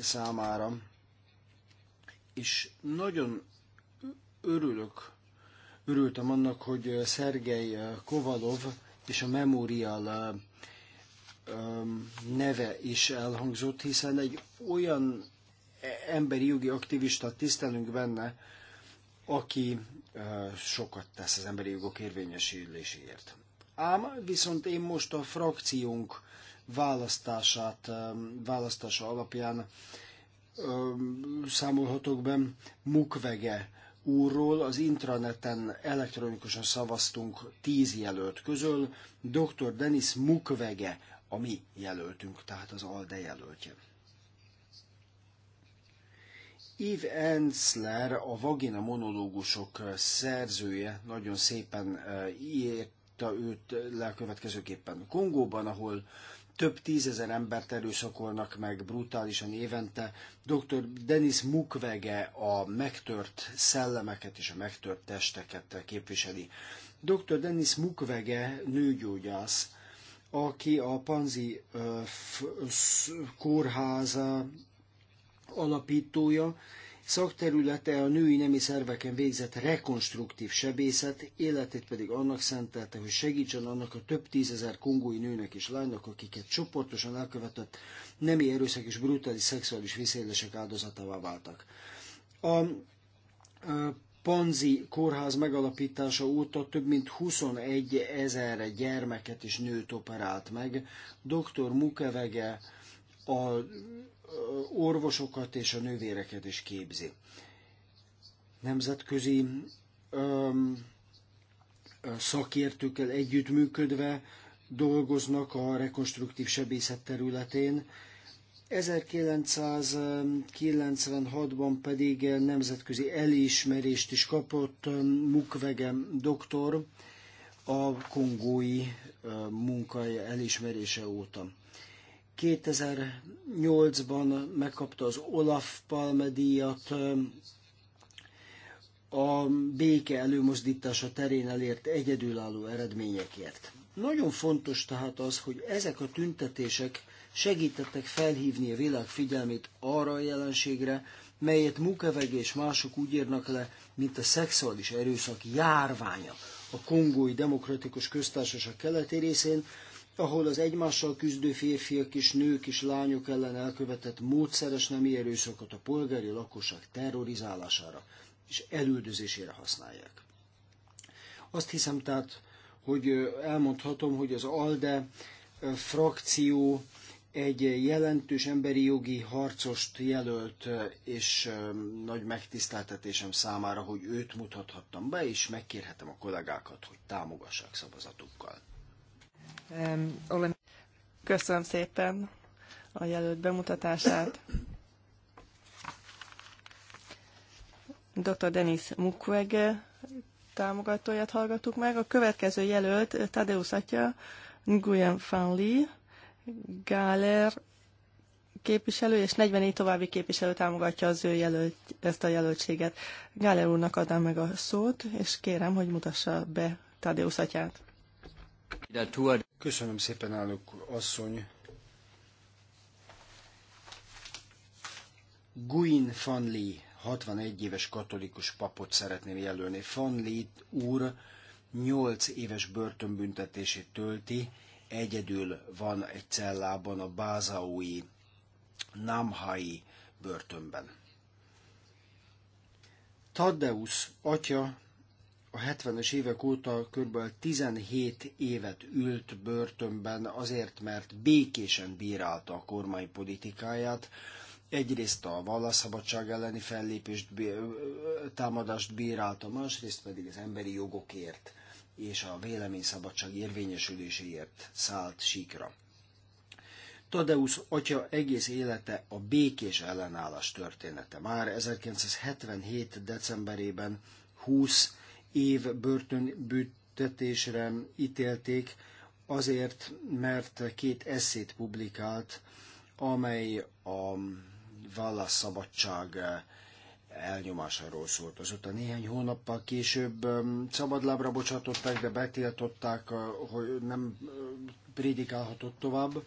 számára, és nagyon örülök Örültem annak, hogy Szergei Kovalov és a Memorial neve is elhangzott, hiszen egy olyan e, emberi jogi aktivista tisztelünk benne, aki sokat tesz az emberi jogok érvényesüléséért. Ám viszont én most a frakciónk választását, választása alapján számolhatok be Mukvege úrról az intraneten elektronikusan szavaztunk tíz jelölt közül, dr. Denis Mukwege a mi jelöltünk, tehát az ALDE jelöltje. Eve Ensler, a Vagina monológusok szerzője, nagyon szépen eh, írta őt le a következőképpen. Kongóban, ahol több tízezer embert erőszakolnak meg brutálisan évente. Dr. Denis Mukwege a megtört szellemeket és a megtört testeket képviseli. Dr. Denis Mukwege nőgyógyász, aki a Panzi kórháza alapítója, Szakterülete a női nemi szerveken végzett rekonstruktív sebészet, életét pedig annak szentelte, hogy segítsen annak a több tízezer kongói nőnek és lánynak, akiket csoportosan elkövetett nemi erőszak és brutális szexuális viszélések áldozatává váltak. A Panzi kórház megalapítása óta több mint 21 ezer gyermeket és nőt operált meg. Dr. Mukevege a orvosokat és a nővéreket is képzi. Nemzetközi öm, szakértőkkel együttműködve dolgoznak a rekonstruktív sebészet területén. 1996-ban pedig nemzetközi elismerést is kapott Mukwegem doktor a kongói munkája elismerése óta. 2008-ban megkapta az Olaf Palme díjat, a béke előmozdítása terén elért egyedülálló eredményekért. Nagyon fontos tehát az, hogy ezek a tüntetések segítettek felhívni a világ figyelmét arra a jelenségre, melyet Mukeveg és mások úgy írnak le, mint a szexuális erőszak járványa a kongói demokratikus köztársaság keleti részén, ahol az egymással küzdő férfiak és nők és lányok ellen elkövetett módszeres nemi erőszakot a polgári lakosság terrorizálására és elüldözésére használják. Azt hiszem tehát, hogy elmondhatom, hogy az ALDE frakció egy jelentős emberi jogi harcost jelölt, és nagy megtiszteltetésem számára, hogy őt mutathattam be, és megkérhetem a kollégákat, hogy támogassák szavazatukkal. Um, Köszönöm szépen a jelölt bemutatását. Dr. Denis Mukwege támogatóját hallgattuk meg. A következő jelölt Tadeusz atya, Nguyen Fan Li, Gáler képviselő és 44 további képviselő támogatja az ő jelölt, ezt a jelöltséget. Gáler úrnak adnám meg a szót, és kérem, hogy mutassa be Tadeusz atyát. Köszönöm szépen, állok asszony. Guin van Lee, 61 éves katolikus papot szeretném jelölni. Van Lee úr 8 éves börtönbüntetését tölti, egyedül van egy cellában a Bázaui Namhai börtönben. Tadeusz atya a 70-es évek óta kb. 17 évet ült börtönben azért, mert békésen bírálta a kormány politikáját. Egyrészt a vallásszabadság elleni fellépést, támadást bírálta, másrészt pedig az emberi jogokért és a véleményszabadság érvényesüléséért szállt síkra. Tadeusz atya egész élete a békés ellenállás története. Már 1977. decemberében 20 év börtönbüntetésre ítélték, azért, mert két eszét publikált, amely a vallásszabadság elnyomásáról szólt. Azóta néhány hónappal később um, szabadlábra bocsátották, de betiltották, uh, hogy nem uh, prédikálhatott tovább.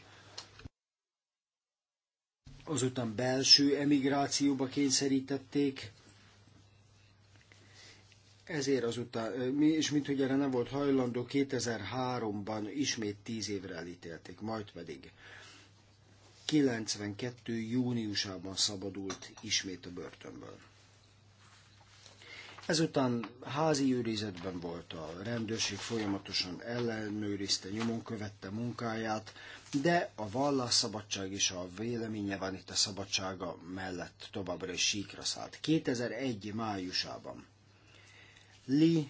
Azután belső emigrációba kényszerítették, ezért azután, és mint hogy erre nem volt hajlandó, 2003-ban ismét 10 évre elítélték, majd pedig 92. júniusában szabadult ismét a börtönből. Ezután házi őrizetben volt a rendőrség, folyamatosan ellenőrizte, nyomon követte munkáját, de a vallásszabadság és a véleménye van itt a szabadsága mellett továbbra is síkra szállt. 2001. májusában Lee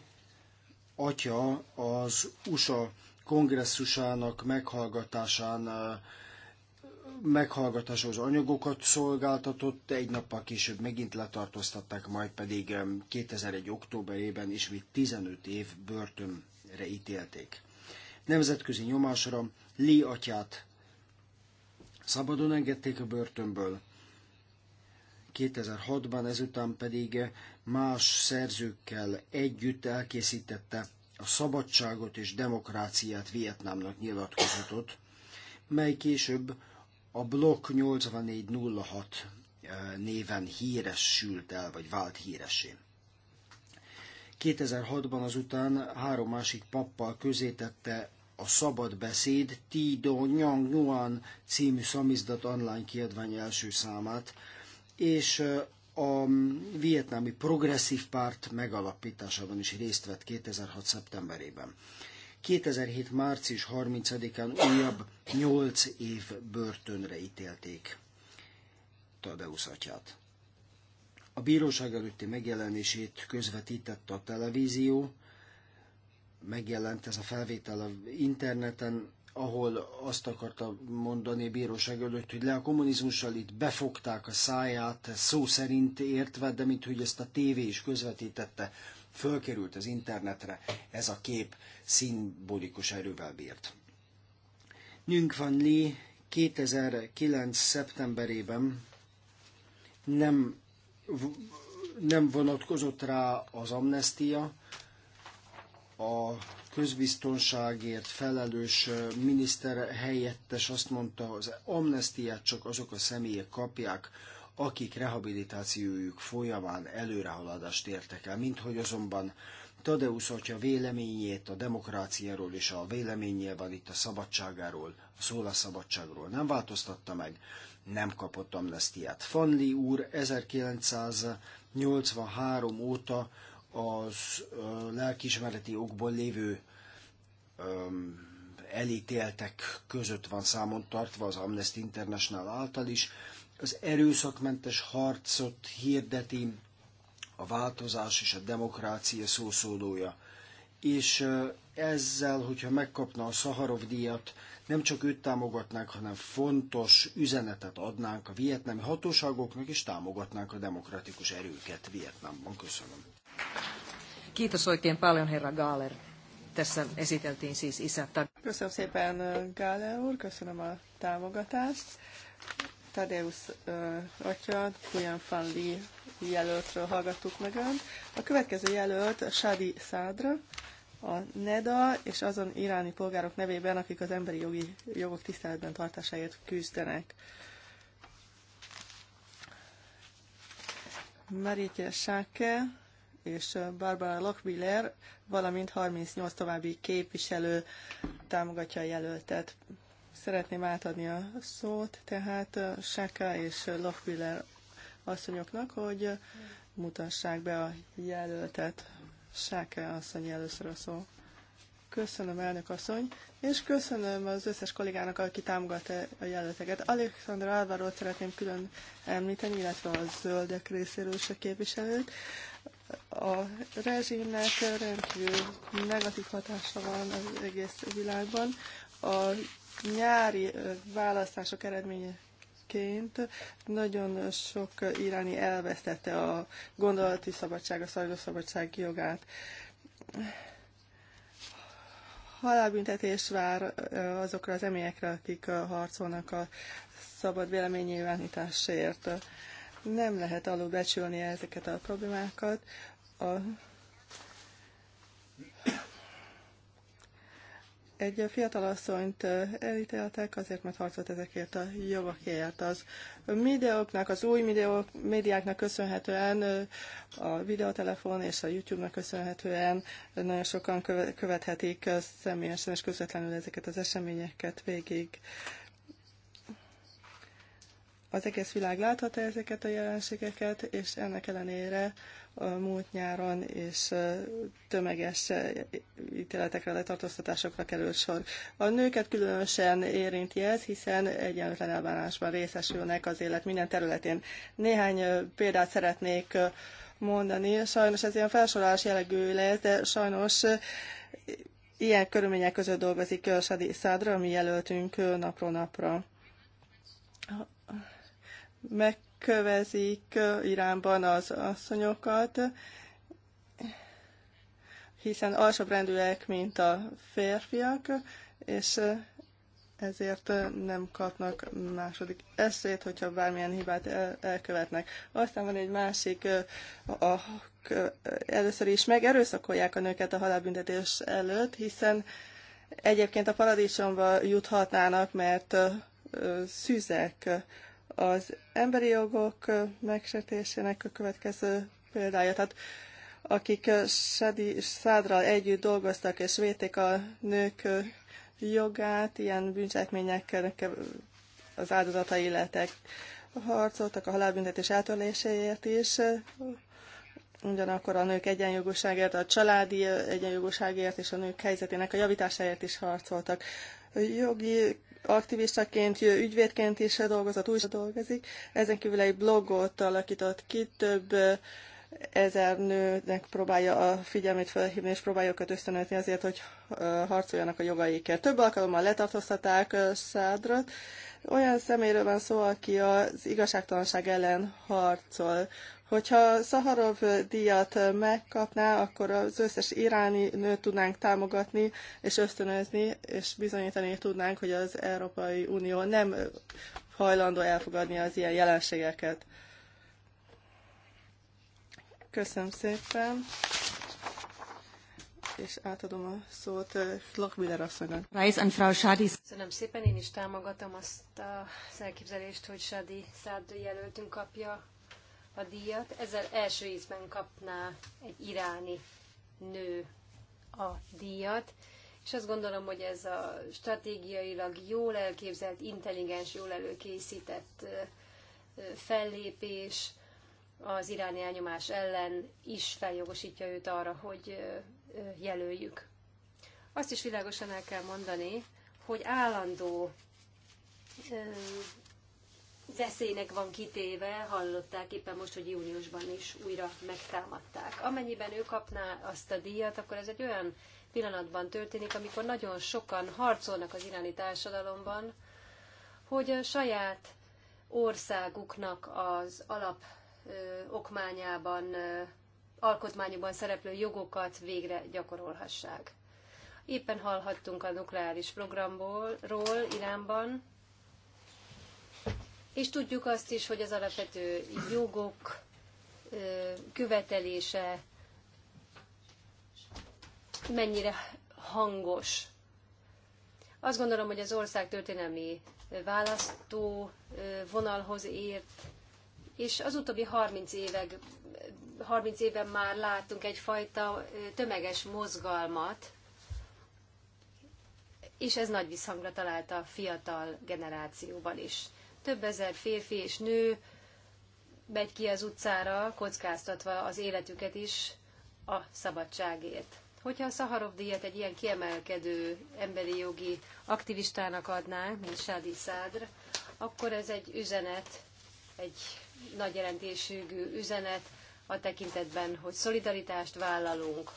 atya az USA kongresszusának meghallgatásán meghallgatáshoz anyagokat szolgáltatott, egy nappal később megint letartóztatták, majd pedig 2001. októberében ismét 15 év börtönre ítélték. Nemzetközi nyomásra Lee atyát szabadon engedték a börtönből, 2006-ban, ezután pedig más szerzőkkel együtt elkészítette a Szabadságot és Demokráciát Vietnámnak nyilatkozatot, mely később a blok 8406 e, néven híresült el, vagy vált híresé. 2006-ban azután három másik pappal közétette a Szabad Beszéd Ti Do Nyang Nuan című szamizdat online kiadvány első számát, és e, a vietnámi progresszív párt megalapításában is részt vett 2006. szeptemberében. 2007. március 30-án újabb 8 év börtönre ítélték Tadeusz atyát. A bíróság előtti megjelenését közvetítette a televízió, megjelent ez a felvétel a interneten, ahol azt akarta mondani a bíróság előtt, hogy le a kommunizmussal itt befogták a száját, szó szerint értve, de mint hogy ezt a tévé is közvetítette, fölkerült az internetre, ez a kép szimbolikus erővel bírt. Nünk van Lee 2009. szeptemberében nem, nem vonatkozott rá az amnestia, a közbiztonságért felelős miniszter helyettes azt mondta, az amnestiát csak azok a személyek kapják, akik rehabilitációjuk folyamán előrehaladást értek el, Mint hogy azonban Tadeusz atya véleményét a demokráciáról és a van itt a szabadságáról, a szólásszabadságról nem változtatta meg, nem kapott amnestiát. Fanli úr 1983 óta az lelkismereti okból lévő um, elítéltek között van számon tartva az Amnesty International által is. Az erőszakmentes harcot hirdeti a változás és a demokrácia szószólója. És ezzel, hogyha megkapna a Szaharov díjat, nem csak őt támogatnánk, hanem fontos üzenetet adnánk a vietnámi hatóságoknak, és támogatnánk a demokratikus erőket Vietnámban. Köszönöm. Kiitos oikein paljon, herra Gaaler. Tässä esiteltiin siis Köszönöm szépen, Gáler úr, köszönöm a támogatást. Tadeusz atya, Kujan Fanli jelöltről hallgattuk meg önt. A következő jelölt Shadi Sadra, a NEDA és azon iráni polgárok nevében, akik az emberi jogi jogok tiszteletben tartásáért küzdenek. Maritja Sáke, és Barbara Lochmiller, valamint 38 további képviselő támogatja a jelöltet. Szeretném átadni a szót, tehát Saka és Lochmiller asszonyoknak, hogy mutassák be a jelöltet. Sáke asszony először a szó. Köszönöm, elnök asszony, és köszönöm az összes kollégának, aki támogatta a jelölteket. Alexandra Álvarót szeretném külön említeni, illetve a zöldek részéről is a képviselőt a rezsimnek rendkívül negatív hatása van az egész világban. A nyári választások eredményeként nagyon sok iráni elvesztette a gondolati szabadság, a sajtószabadság jogát. Halálbüntetés vár azokra az emélyekre, akik harcolnak a szabad véleménynyilvánításért. Nem lehet alulbecsülni ezeket a problémákat. A egy fiatal asszonyt elítéltek azért, mert harcolt ezekért a jogokért. Az videóknak, az új videók, médiáknak köszönhetően, a videotelefon és a YouTube-nak köszönhetően nagyon sokan követhetik személyesen és közvetlenül ezeket az eseményeket végig. Az egész világ láthatta ezeket a jelenségeket, és ennek ellenére a múlt nyáron és tömeges ítéletekre, letartóztatásokra került sor. A nőket különösen érinti ez, hiszen egyenlőtlen elbánásban részesülnek az élet minden területén. Néhány példát szeretnék mondani. Sajnos ez ilyen felsorolás jellegű lesz, de sajnos ilyen körülmények között dolgozik Sadi Szádra, mi jelöltünk napról napra megkövezik Iránban az asszonyokat, hiszen alsóbb rendűek, mint a férfiak, és ezért nem kapnak második eszét, hogyha bármilyen hibát elkövetnek. Aztán van egy másik, a, a, először is megerőszakolják a nőket a halálbüntetés előtt, hiszen egyébként a paradicsomba juthatnának, mert szüzek az emberi jogok megsértésének a következő példája. Tehát akik Sadi Szádral együtt dolgoztak és védték a nők jogát, ilyen bűncselekményekkel az áldozatai lettek. Harcoltak a halálbüntetés eltörléséért is, ugyanakkor a nők egyenjogúságért, a családi egyenjogúságért és a nők helyzetének a javításáért is harcoltak. Jogi aktivistaként, ügyvédként is dolgozott, újság dolgozik. Ezen kívül egy blogot alakított ki, több ezer nőnek próbálja a figyelmét felhívni, és próbálja őket ösztönözni azért, hogy harcoljanak a jogaikért. Több alkalommal letartóztaták Szádrat. Olyan személyről van szó, aki az igazságtalanság ellen harcol. Hogyha Szaharov díjat megkapná, akkor az összes iráni nőt tudnánk támogatni és ösztönözni, és bizonyítani tudnánk, hogy az Európai Unió nem hajlandó elfogadni az ilyen jelenségeket. Köszönöm szépen, és átadom a szót eh, Lachmiller asszonynak. and Frau Shadi. Köszönöm szépen, én is támogatom azt az elképzelést, hogy Shadi Szád jelöltünk kapja a díjat. Ezzel első ízben kapná egy iráni nő a díjat, és azt gondolom, hogy ez a stratégiailag jól elképzelt, intelligens, jól előkészített fellépés az iráni elnyomás ellen is feljogosítja őt arra, hogy jelöljük. Azt is világosan el kell mondani, hogy állandó veszélynek van kitéve, hallották éppen most, hogy júniusban is újra megtámadták. Amennyiben ő kapná azt a díjat, akkor ez egy olyan pillanatban történik, amikor nagyon sokan harcolnak az iráni társadalomban, hogy a saját országuknak az alap ö, okmányában, ö, alkotmányokban szereplő jogokat végre gyakorolhassák. Éppen hallhattunk a nukleáris programból, ról Iránban, és tudjuk azt is, hogy az alapvető jogok követelése mennyire hangos. Azt gondolom, hogy az ország történelmi választó vonalhoz ért, és az utóbbi 30 évek 30 éven már láttunk egyfajta tömeges mozgalmat, és ez nagy visszhangra találta a fiatal generációban is több ezer férfi és nő megy ki az utcára, kockáztatva az életüket is a szabadságért. Hogyha a Szaharov díjat egy ilyen kiemelkedő emberi jogi aktivistának adnánk, mint Sádi Szádr, akkor ez egy üzenet, egy nagy jelentésű üzenet a tekintetben, hogy szolidaritást vállalunk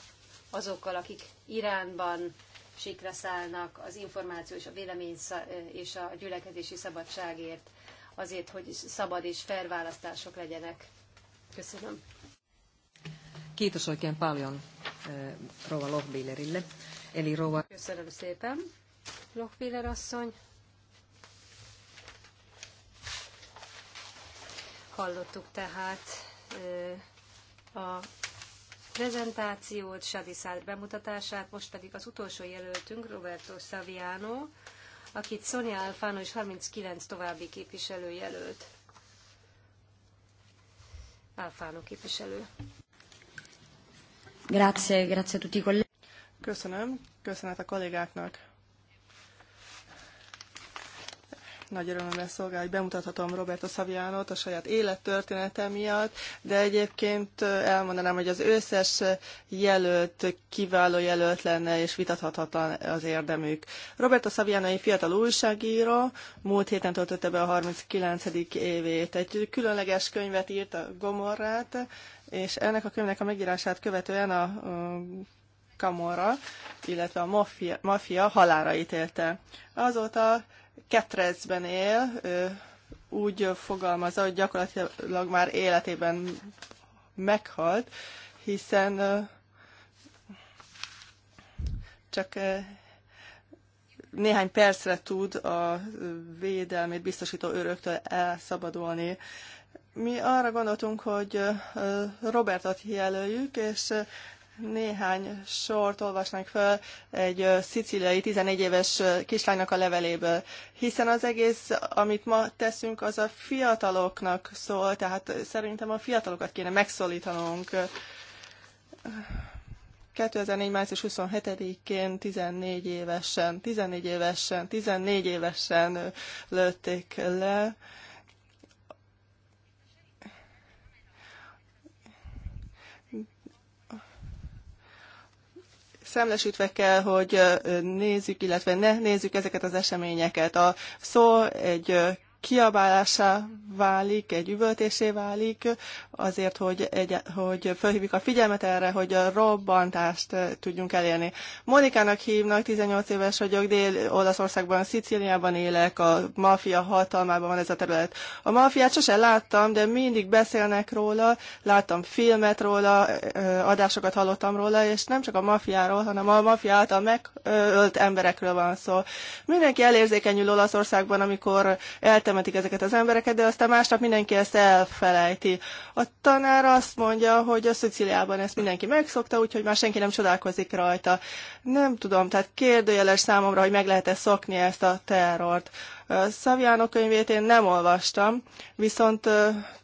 azokkal, akik Iránban sikra szállnak az információ és a vélemény és a gyülekezési szabadságért azért, hogy szabad és fair választások legyenek. Köszönöm. Kiitos oikein paljon eh, Rova Lohbillerille. Eli Rova... Köszönöm szépen, Lohbiller asszony. Hallottuk tehát eh, a prezentációt, Sadiszár bemutatását, most pedig az utolsó jelöltünk, Roberto Saviano, akit Sonia Alfano és 39 további képviselő jelölt. Alfano képviselő. Grazie, grazie a tutti colleghi. Köszönöm, köszönet a kollégáknak. Nagy örömömre szolgál, hogy bemutathatom Roberto Savianot a saját élettörténete miatt, de egyébként elmondanám, hogy az összes jelölt kiváló jelölt lenne, és vitathatatlan az érdemük. Roberto Saviano egy fiatal újságíró, múlt héten töltötte be a 39. évét. Egy különleges könyvet írt a Gomorrát, és ennek a könyvnek a megírását követően a Camorra, illetve a maffia, maffia halára ítélte. Azóta Ketrezben él, ő úgy fogalmazza, hogy gyakorlatilag már életében meghalt, hiszen csak néhány percre tud a védelmét biztosító öröktől elszabadulni. Mi arra gondoltunk, hogy Robertot jelöljük, és néhány sort olvasnak föl egy szicíliai 14 éves kislánynak a leveléből, hiszen az egész, amit ma teszünk, az a fiataloknak szól, tehát szerintem a fiatalokat kéne megszólítanunk. 2004. március 27-én 14 évesen, 14 évesen, 14 évesen lőtték le szemlesítve kell, hogy nézzük, illetve ne nézzük ezeket az eseményeket. A szó egy kiabálásá válik, egy üvöltésé válik, azért, hogy, egy, hogy felhívjuk a figyelmet erre, hogy a robbantást eh, tudjunk elérni. Monikának hívnak, 18 éves vagyok, Dél-Olaszországban, Szicíliában élek, a mafia hatalmában van ez a terület. A mafiát sose láttam, de mindig beszélnek róla, láttam filmet róla, eh, adásokat hallottam róla, és nem csak a mafiáról, hanem a mafia által megölt emberekről van szó. Mindenki elérzékenyül Olaszországban, amikor elte üzemetik ezeket az embereket, de aztán másnap mindenki ezt elfelejti. A tanár azt mondja, hogy a Szicíliában ezt mindenki megszokta, úgyhogy már senki nem csodálkozik rajta. Nem tudom, tehát kérdőjeles számomra, hogy meg lehet-e szokni ezt a terrort. Szaviano könyvét én nem olvastam, viszont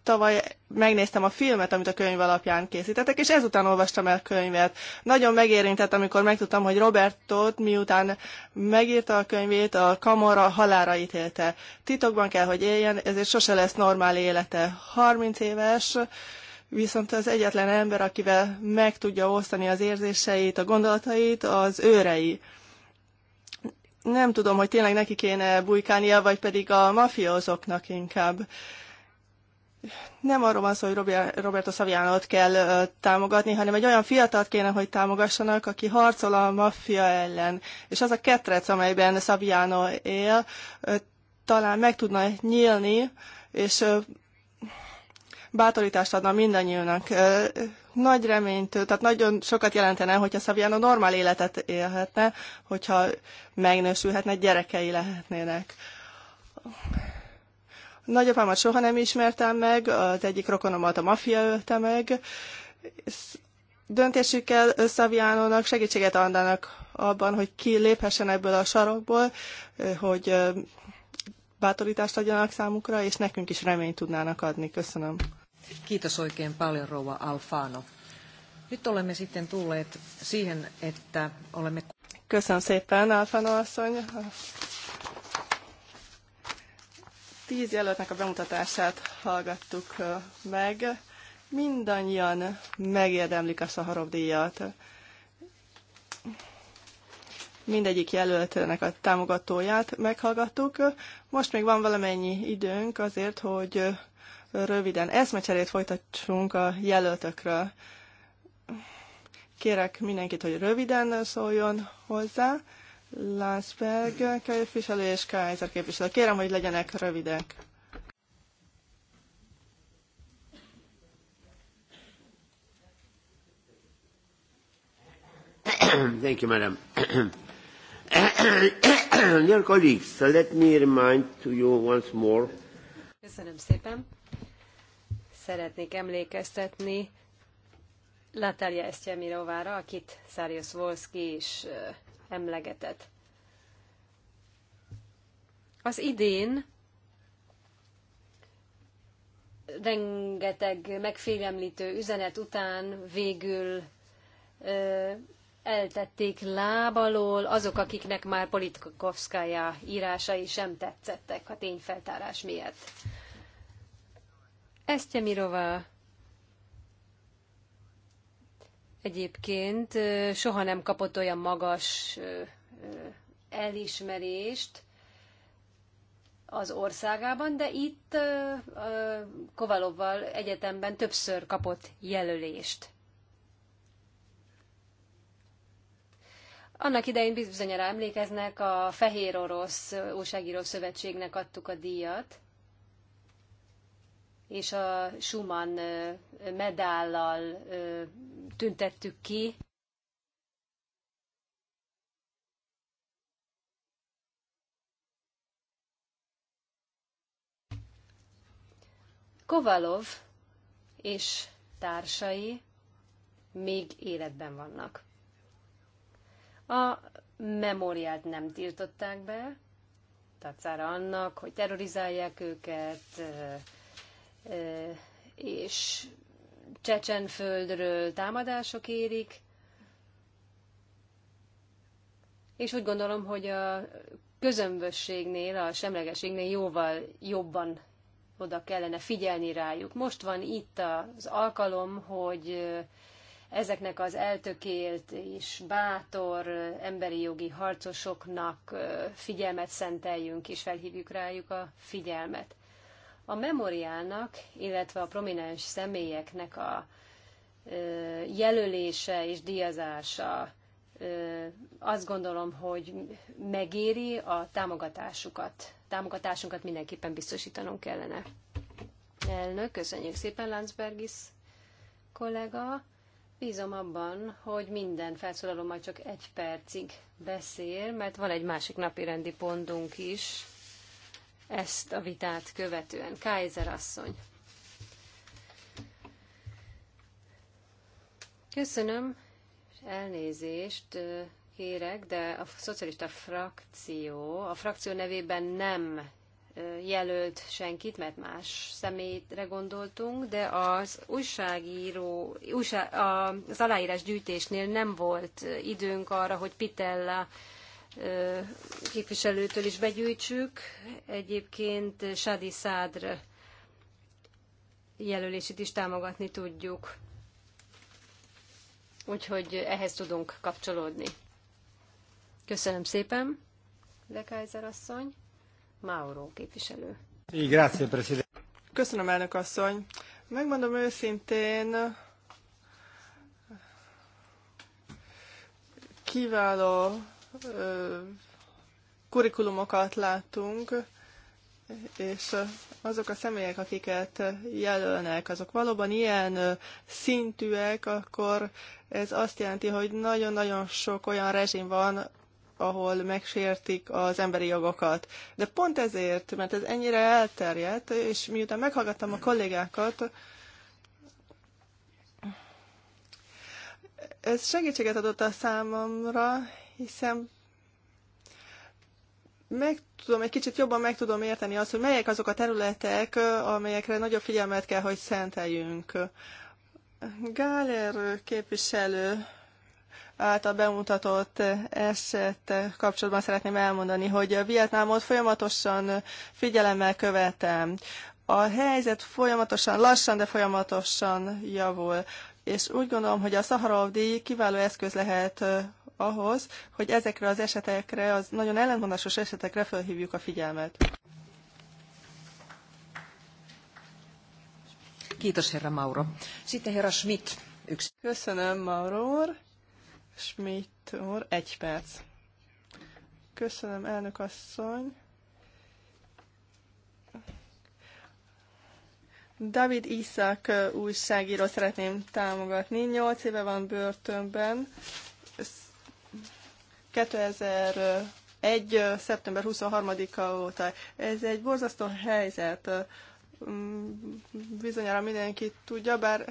tavaly megnéztem a filmet, amit a könyv alapján készítettek, és ezután olvastam el könyvet. Nagyon megérintett, amikor megtudtam, hogy Robertot miután megírta a könyvét, a kamara halára ítélte. Titokban kell, hogy éljen, ezért sose lesz normál élete. 30 éves, viszont az egyetlen ember, akivel meg tudja osztani az érzéseit, a gondolatait, az őrei nem tudom, hogy tényleg neki kéne bujkálnia, vagy pedig a mafiózoknak inkább. Nem arról van szó, hogy Roberto Savianot kell támogatni, hanem egy olyan fiatalt kéne, hogy támogassanak, aki harcol a maffia ellen. És az a ketrec, amelyben Saviano él, talán meg tudna nyílni, és bátorítást adna mindannyiunknak nagy reményt, tehát nagyon sokat jelentene, hogyha Szabján normál életet élhetne, hogyha megnősülhetne, gyerekei lehetnének. Nagyapámat soha nem ismertem meg, az egyik rokonomat a mafia ölte meg. Döntésükkel Szabjánónak segítséget adnának abban, hogy ki léphessen ebből a sarokból, hogy bátorítást adjanak számukra, és nekünk is reményt tudnának adni. Köszönöm. Kiitos oikein paljon rouva Alfano. Nyt olemme sitten tulleet siihen, että olemme... Köszönöm szépen, Alfano asszony. Tíz jelöltnek a bemutatását hallgattuk meg. Mindannyian megérdemlik a Szaharov díjat. Mindegyik jelöltnek a támogatóját meghallgattuk. Most még van valamennyi időnk azért, hogy röviden eszmecserét folytatsunk a jelöltökről. Kérek mindenkit, hogy röviden szóljon hozzá. Lászberg képviselő és Kaiser képviselő. Kérem, hogy legyenek rövidek. Thank you, madam. Dear colleagues, let me remind to you once more. Köszönöm szépen szeretnék emlékeztetni Natália Esztyemirovára, akit Szárjusz Volszki is emlegetett. Az idén rengeteg megfélemlítő üzenet után végül ö, eltették lábalól azok, akiknek már Politkovszkája írásai sem tetszettek a tényfeltárás miatt. Esztyemirova egyébként soha nem kapott olyan magas elismerést az országában, de itt Kovalovval egyetemben többször kapott jelölést. Annak idején bizonyára emlékeznek, a Fehér Orosz Újságíró Szövetségnek adtuk a díjat, és a Schumann medállal tüntettük ki. Kovalov és társai még életben vannak. A memóriát nem tiltották be, tacára annak, hogy terrorizálják őket, és Csecsenföldről támadások érik, és úgy gondolom, hogy a közömbösségnél, a semlegességnél jóval jobban oda kellene figyelni rájuk. Most van itt az alkalom, hogy ezeknek az eltökélt és bátor emberi jogi harcosoknak figyelmet szenteljünk, és felhívjuk rájuk a figyelmet. A memoriálnak, illetve a prominens személyeknek a jelölése és díjazása azt gondolom, hogy megéri a támogatásukat. Támogatásunkat mindenképpen biztosítanunk kellene. Elnök, köszönjük szépen, Landsbergis kollega. Bízom abban, hogy minden felszólaló majd csak egy percig beszél, mert van egy másik napi rendi pontunk is ezt a vitát követően. Kaiser asszony. Köszönöm, elnézést kérek, de a szocialista frakció a frakció nevében nem jelölt senkit, mert más személyre gondoltunk, de az újságíró, újság, az aláírás gyűjtésnél nem volt időnk arra, hogy Pitella képviselőtől is begyűjtsük. Egyébként Sadi Szádr jelölését is támogatni tudjuk. Úgyhogy ehhez tudunk kapcsolódni. Köszönöm szépen, de Kaiser asszony. Mauro képviselő. Köszönöm, elnök asszony. Megmondom őszintén, kiváló kurikulumokat láttunk, és azok a személyek, akiket jelölnek, azok valóban ilyen szintűek, akkor ez azt jelenti, hogy nagyon-nagyon sok olyan rezsim van, ahol megsértik az emberi jogokat. De pont ezért, mert ez ennyire elterjedt, és miután meghallgattam a kollégákat, ez segítséget adott a számomra, hiszem meg tudom, egy kicsit jobban meg tudom érteni azt, hogy melyek azok a területek, amelyekre nagyobb figyelmet kell, hogy szenteljünk. Gáler képviselő által bemutatott eset kapcsolatban szeretném elmondani, hogy a Vietnámot folyamatosan figyelemmel követem. A helyzet folyamatosan, lassan, de folyamatosan javul és úgy gondolom, hogy a Szaharovdi kiváló eszköz lehet ahhoz, hogy ezekre az esetekre, az nagyon ellentmondásos esetekre felhívjuk a figyelmet. Kétos, herra Mauro. Sitten herra Schmidt. Köszönöm, Mauro úr. Schmidt úr, egy perc. Köszönöm, elnök asszony. David Iszak újságíró szeretném támogatni. Nyolc éve van börtönben, 2001. szeptember 23-a óta. Ez egy borzasztó helyzet. Bizonyára mindenki tudja, bár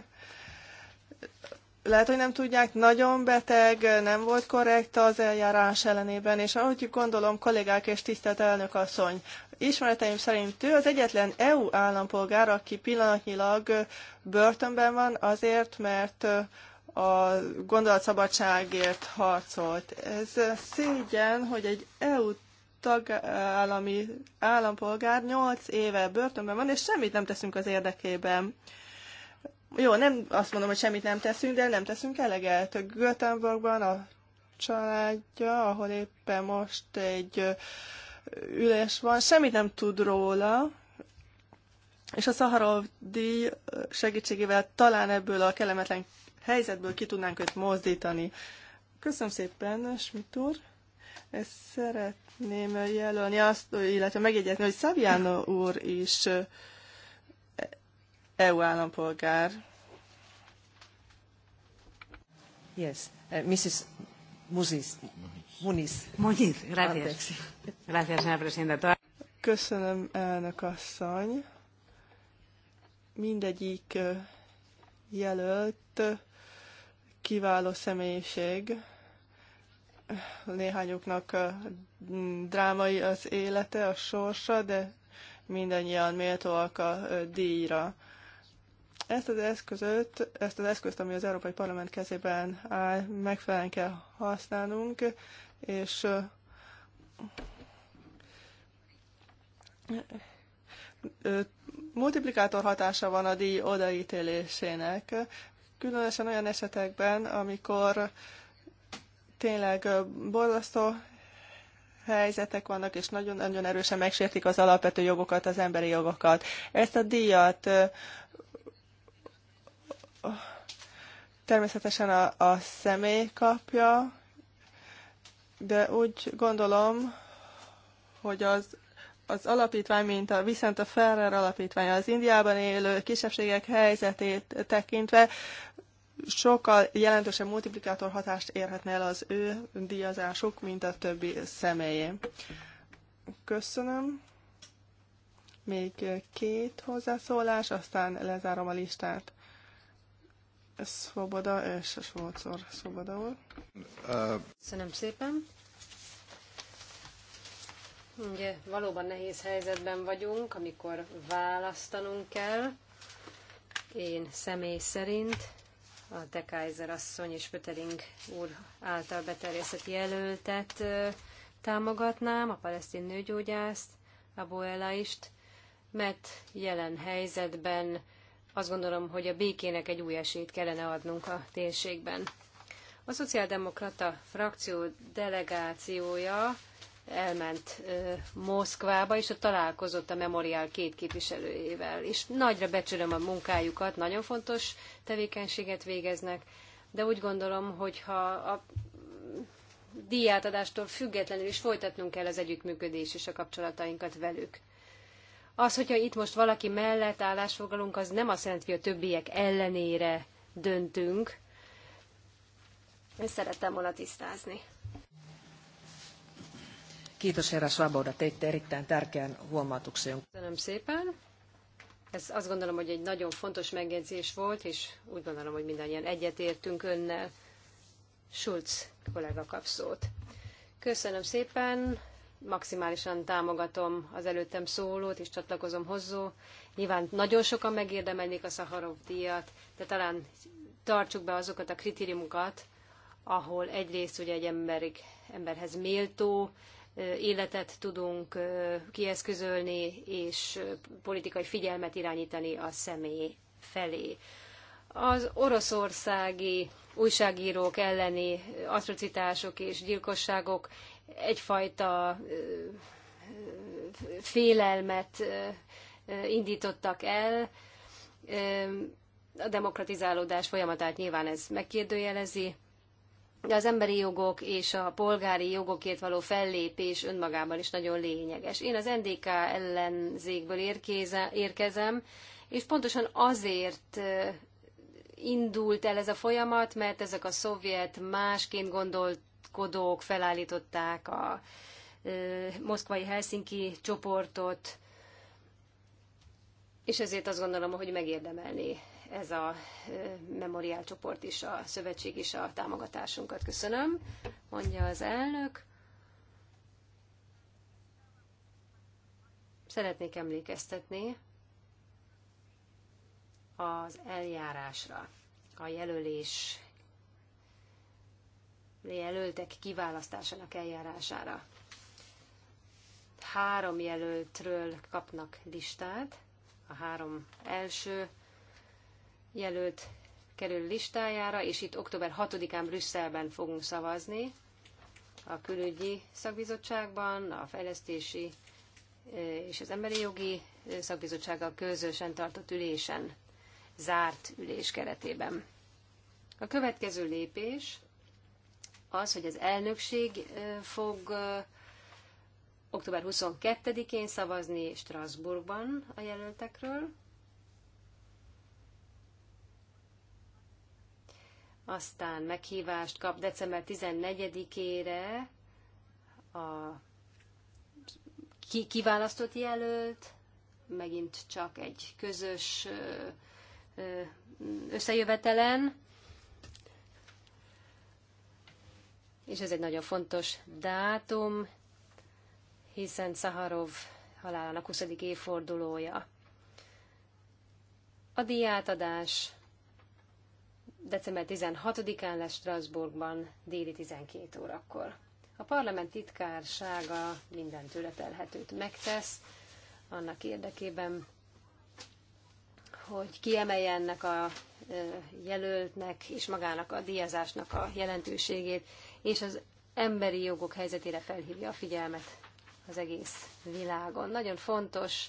lehet, hogy nem tudják, nagyon beteg, nem volt korrekt az eljárás ellenében, és ahogy gondolom, kollégák és tisztelt elnök asszony, ismereteim szerint ő az egyetlen EU állampolgár, aki pillanatnyilag börtönben van azért, mert a gondolatszabadságért harcolt. Ez szégyen, hogy egy EU tagállami állampolgár 8 éve börtönben van, és semmit nem teszünk az érdekében. Jó, nem azt mondom, hogy semmit nem teszünk, de nem teszünk eleget. Göteborgban a családja, ahol éppen most egy ülés van, semmit nem tud róla, és a Szaharov díj segítségével talán ebből a kellemetlen helyzetből ki tudnánk őt mozdítani. Köszönöm szépen, Smit úr. Ezt szeretném jelölni azt, illetve megjegyezni, hogy Szaviano úr is EU állampolgár. Yes, uh, Mrs. Muzis. Muniz. Muniz, gracias. Gracias, Köszönöm, elnök asszony. Mindegyik jelölt kiváló személyiség, néhányuknak drámai az élete, a sorsa, de mindannyian méltóak a díjra. Ezt az eszközöt, ezt az eszközt, ami az Európai Parlament kezében áll, megfelelően kell használnunk, és multiplikátor hatása van a díj odaítélésének, Különösen olyan esetekben, amikor tényleg borzasztó helyzetek vannak, és nagyon-nagyon erősen megsértik az alapvető jogokat, az emberi jogokat. Ezt a díjat természetesen a, a személy kapja, de úgy gondolom, hogy az az alapítvány, mint a Vicente Ferrer alapítvány az Indiában élő kisebbségek helyzetét tekintve sokkal jelentősebb multiplikátor hatást érhetne el az ő díjazásuk, mint a többi személyé. Köszönöm. Még két hozzászólás, aztán lezárom a listát. Szoboda és Svolcor Szoboda úr. Köszönöm szépen. Ugye valóban nehéz helyzetben vagyunk, amikor választanunk kell. Én személy szerint a De Kaiser asszony és Pötering úr által beterjesztett jelöltet támogatnám, a palesztin nőgyógyászt, a Boelaist, mert jelen helyzetben azt gondolom, hogy a békének egy új esélyt kellene adnunk a térségben. A szociáldemokrata frakció delegációja elment Moszkvába, és ott találkozott a Memorial két képviselőjével. És nagyra becsülöm a munkájukat, nagyon fontos tevékenységet végeznek, de úgy gondolom, hogy ha a díjátadástól függetlenül is folytatnunk kell az együttműködés és a kapcsolatainkat velük. Az, hogyha itt most valaki mellett állásfoglalunk, az nem azt jelenti, hogy a többiek ellenére döntünk. Ezt szerettem volna tisztázni. Kiitos herra teitte erittäin tärkeän huomautuksen. Köszönöm szépen. Ez azt gondolom, hogy egy nagyon fontos megjegyzés volt, és úgy gondolom, hogy mindannyian egyetértünk önnel. Schulz kollega kap szót. Köszönöm szépen, maximálisan támogatom az előttem szólót, és csatlakozom hozzá. Nyilván nagyon sokan megérdemelnék a Szaharov díjat, de talán tartsuk be azokat a kritériumokat, ahol egyrészt ugye egy emberig, emberhez méltó életet tudunk kieszközölni, és politikai figyelmet irányítani a személy felé. Az oroszországi újságírók elleni atrocitások és gyilkosságok egyfajta félelmet indítottak el. A demokratizálódás folyamatát nyilván ez megkérdőjelezi, de az emberi jogok és a polgári jogokért való fellépés önmagában is nagyon lényeges. Én az NDK ellenzékből érkezem, és pontosan azért indult el ez a folyamat, mert ezek a szovjet másként gondolkodók felállították a moszkvai Helsinki csoportot, és ezért azt gondolom, hogy megérdemelné ez a memoriál csoport is, a szövetség is a támogatásunkat. Köszönöm, mondja az elnök. Szeretnék emlékeztetni az eljárásra, a jelölés jelöltek kiválasztásának eljárására. Három jelöltről kapnak listát, a három első jelölt kerül listájára, és itt október 6-án Brüsszelben fogunk szavazni a külügyi szakbizottságban, a fejlesztési és az emberi jogi szakbizottsággal közösen tartott ülésen, zárt ülés keretében. A következő lépés az, hogy az elnökség fog október 22-én szavazni Strasbourgban a jelöltekről, aztán meghívást kap december 14-ére a kiválasztott jelölt, megint csak egy közös összejövetelen, és ez egy nagyon fontos dátum, hiszen Szaharov halálának 20. évfordulója. A díjátadás december 16-án lesz Strasbourgban déli 12 órakor. A parlament titkársága minden tőle telhetőt megtesz annak érdekében, hogy kiemelje ennek a jelöltnek és magának a díjazásnak a jelentőségét, és az emberi jogok helyzetére felhívja a figyelmet az egész világon. Nagyon fontos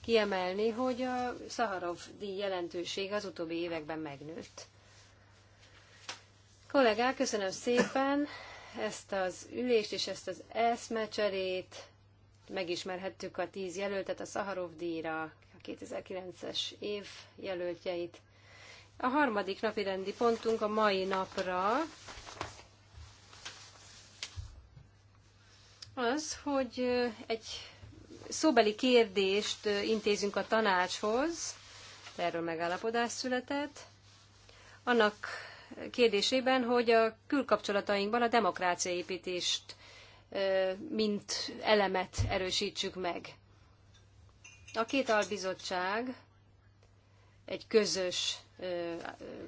kiemelni, hogy a Szaharov díj jelentősége az utóbbi években megnőtt. Kollégák, köszönöm szépen ezt az ülést és ezt az eszmecserét. Megismerhettük a tíz jelöltet a Szaharov díjra, a 2009-es év jelöltjeit. A harmadik napi rendi pontunk a mai napra az, hogy egy szóbeli kérdést intézünk a tanácshoz, erről megállapodás született, annak kérdésében, hogy a külkapcsolatainkban a demokráciaépítést mint elemet erősítsük meg. A két albizottság egy közös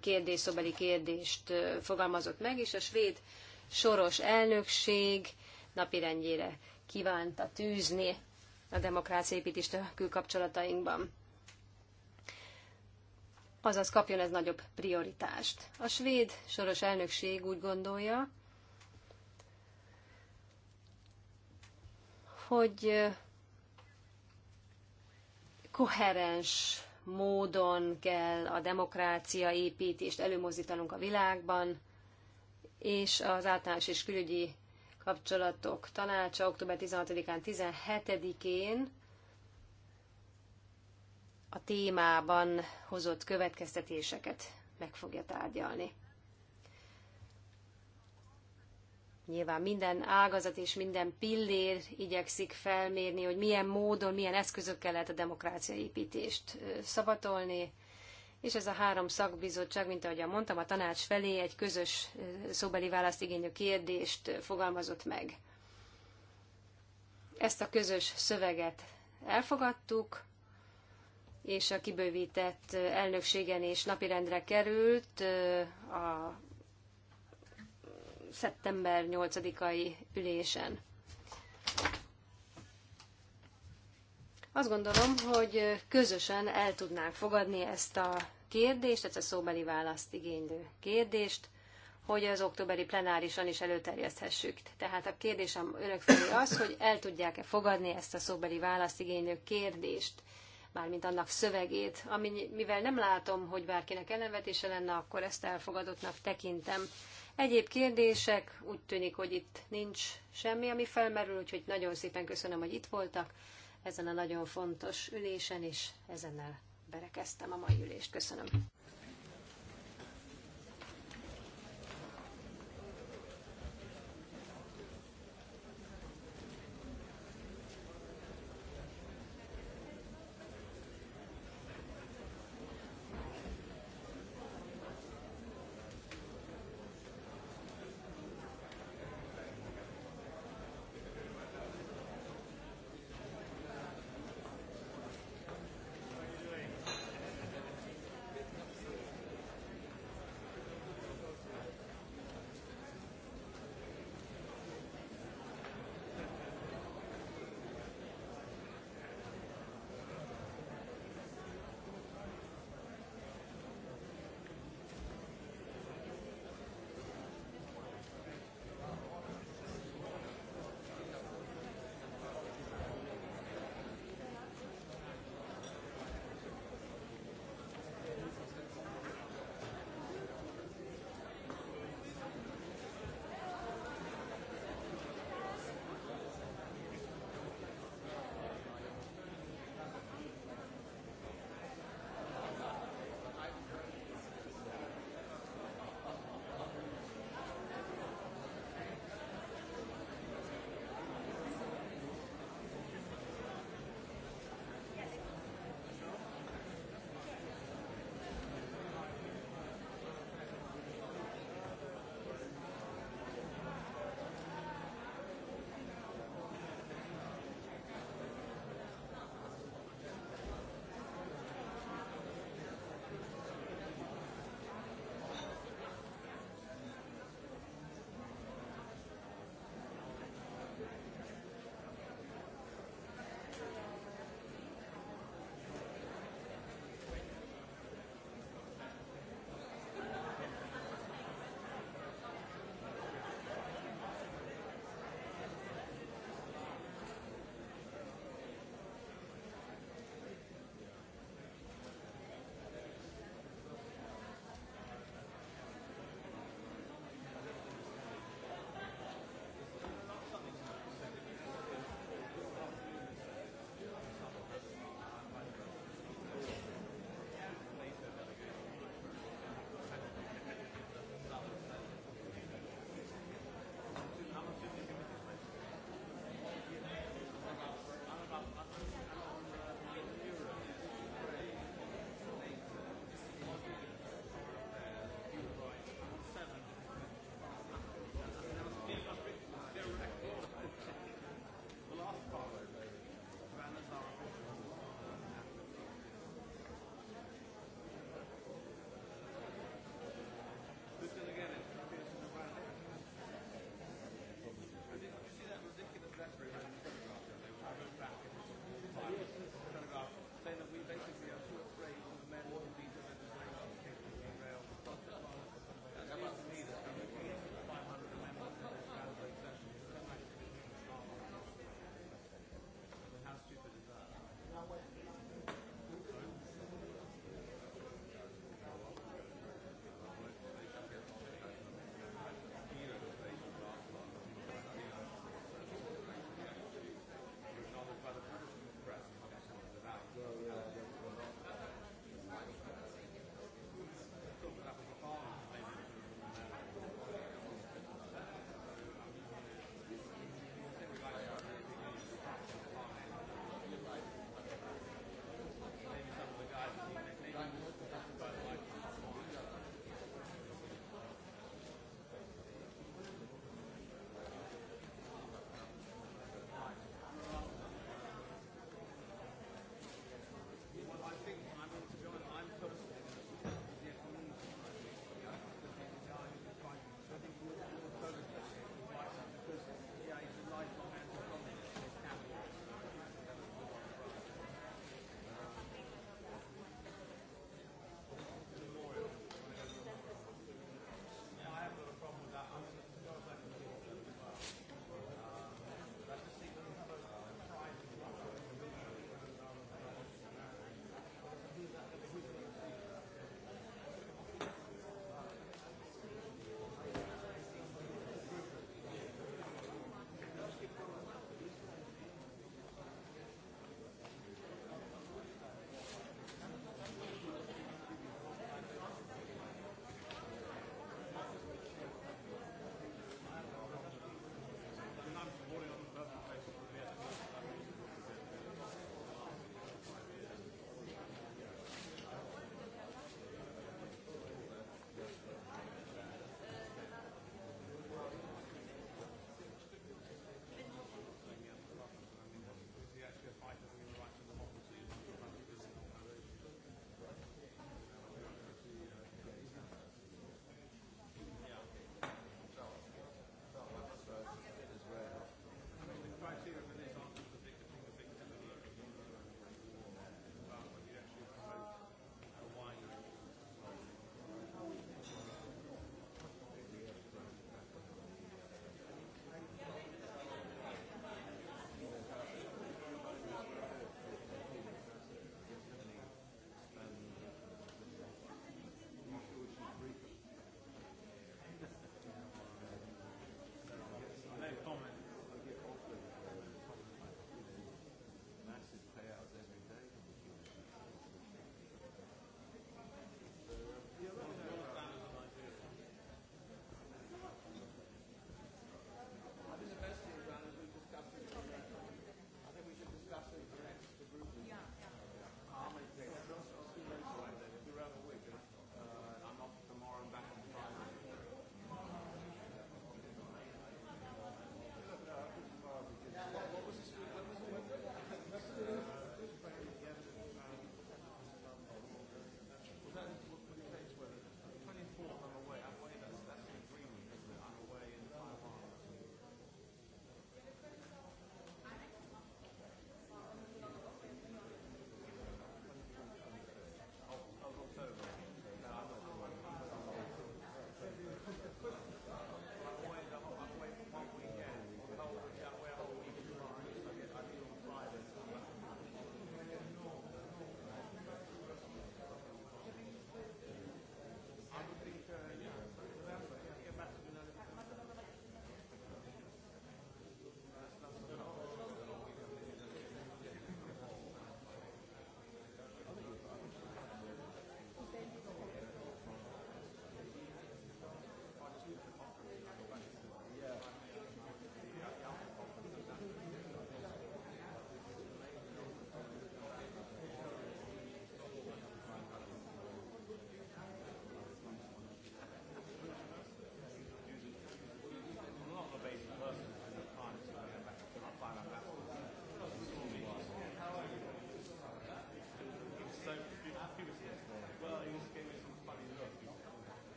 kérdésszobeli kérdést fogalmazott meg, és a svéd soros elnökség napirendjére kívánta tűzni a demokráciaépítést a külkapcsolatainkban azaz kapjon ez nagyobb prioritást. A svéd soros elnökség úgy gondolja, hogy koherens módon kell a demokrácia építést előmozdítanunk a világban, és az általános és külügyi kapcsolatok tanácsa október 16-án, 17-én a témában hozott következtetéseket meg fogja tárgyalni. Nyilván minden ágazat és minden pillér igyekszik felmérni, hogy milyen módon, milyen eszközökkel lehet a demokrácia építést szavatolni, és ez a három szakbizottság, mint ahogy mondtam, a tanács felé egy közös szóbeli választ igénylő kérdést fogalmazott meg. Ezt a közös szöveget elfogadtuk, és a kibővített elnökségen is napirendre került a szeptember 8-ai ülésen. Azt gondolom, hogy közösen el tudnánk fogadni ezt a kérdést, ezt a szóbeli választ igénylő kérdést, hogy az októberi plenárisan is előterjeszthessük. Tehát a kérdésem önök felé az, hogy el tudják-e fogadni ezt a szóbeli választ igénylő kérdést mármint annak szövegét, ami, mivel nem látom, hogy bárkinek ellenvetése lenne, akkor ezt elfogadottnak tekintem. Egyéb kérdések, úgy tűnik, hogy itt nincs semmi, ami felmerül, úgyhogy nagyon szépen köszönöm, hogy itt voltak ezen a nagyon fontos ülésen, és ezennel berekeztem a mai ülést. Köszönöm.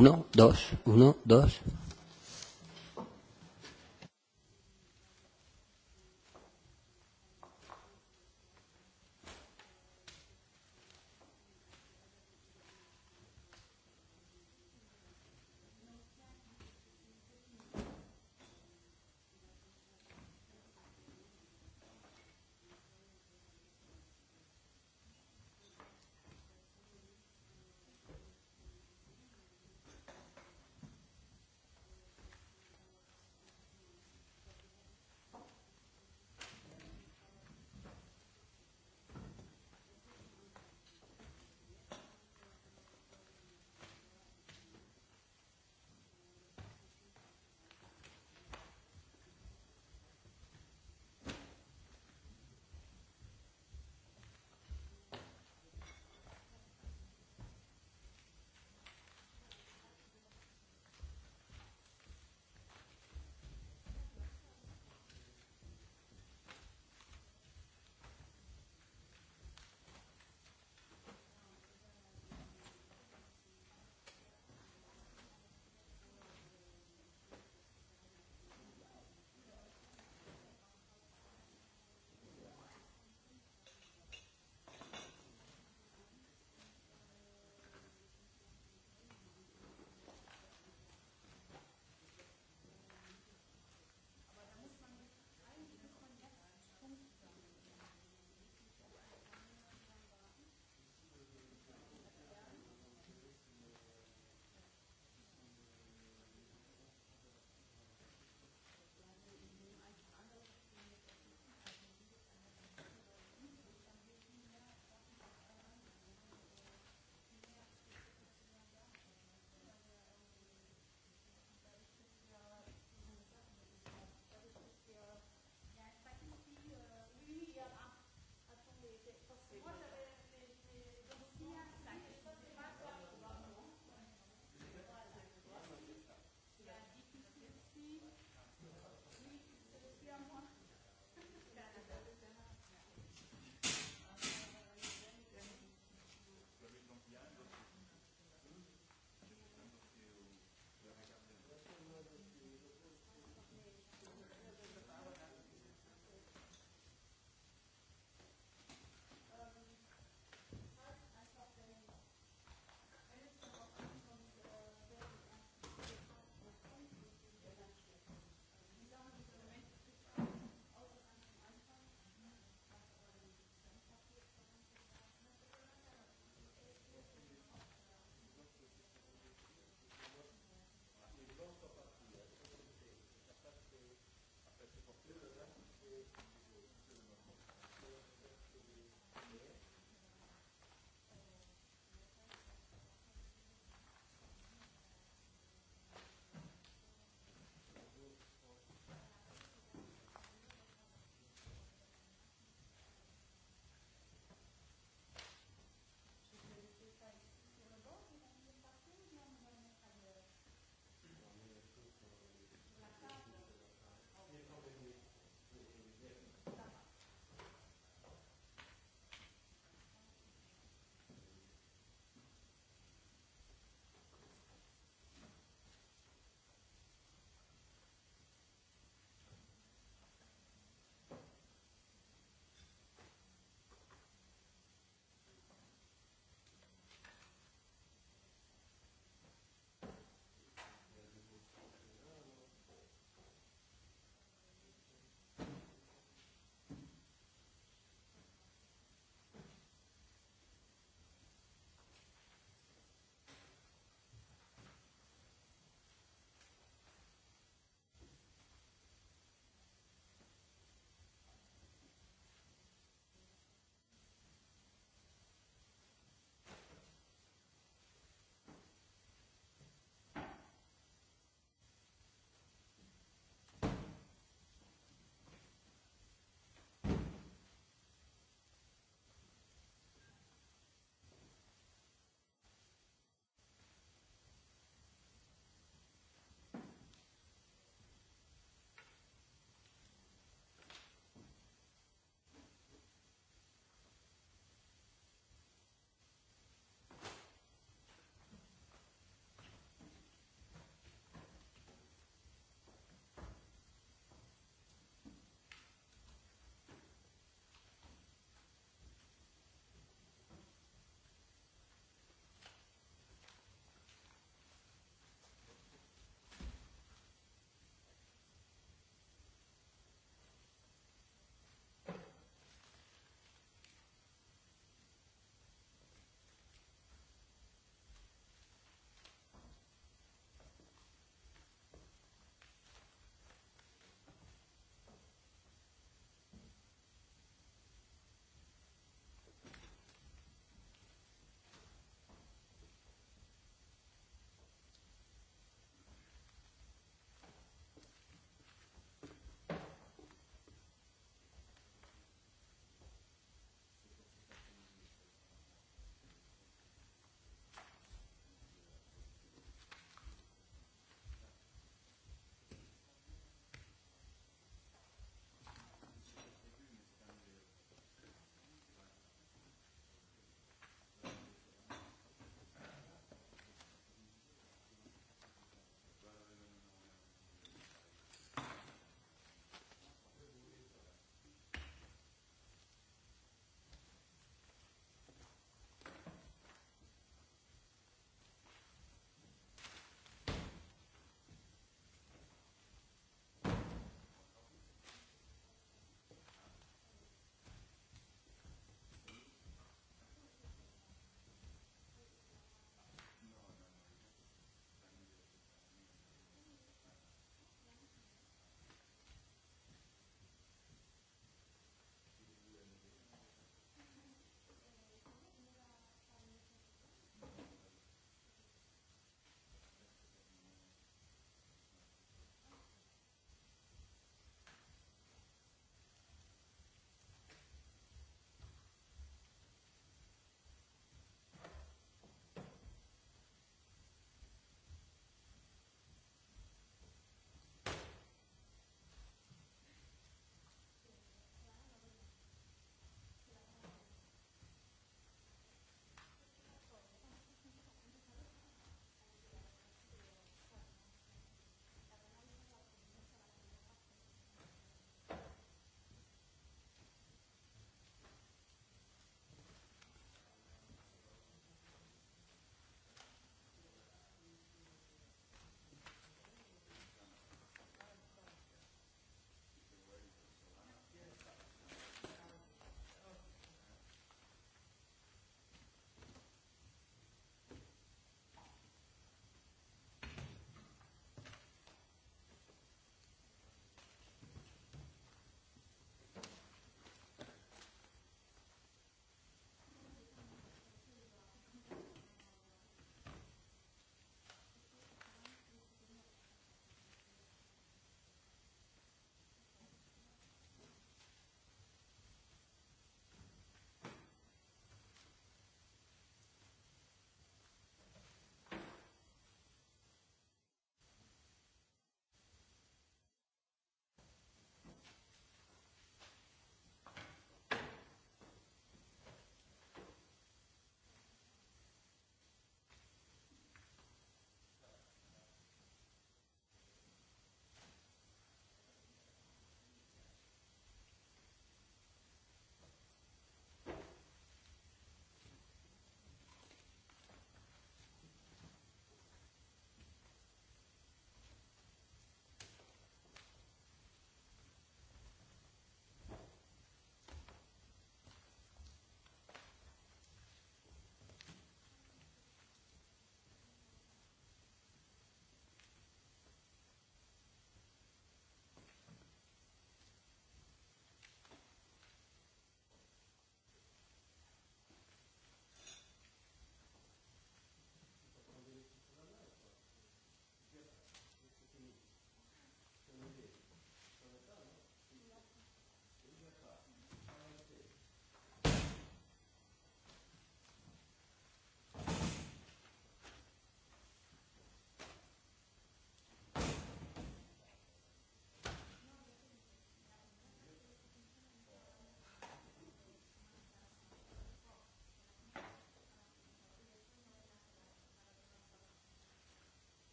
Uno, dos, uno, dos.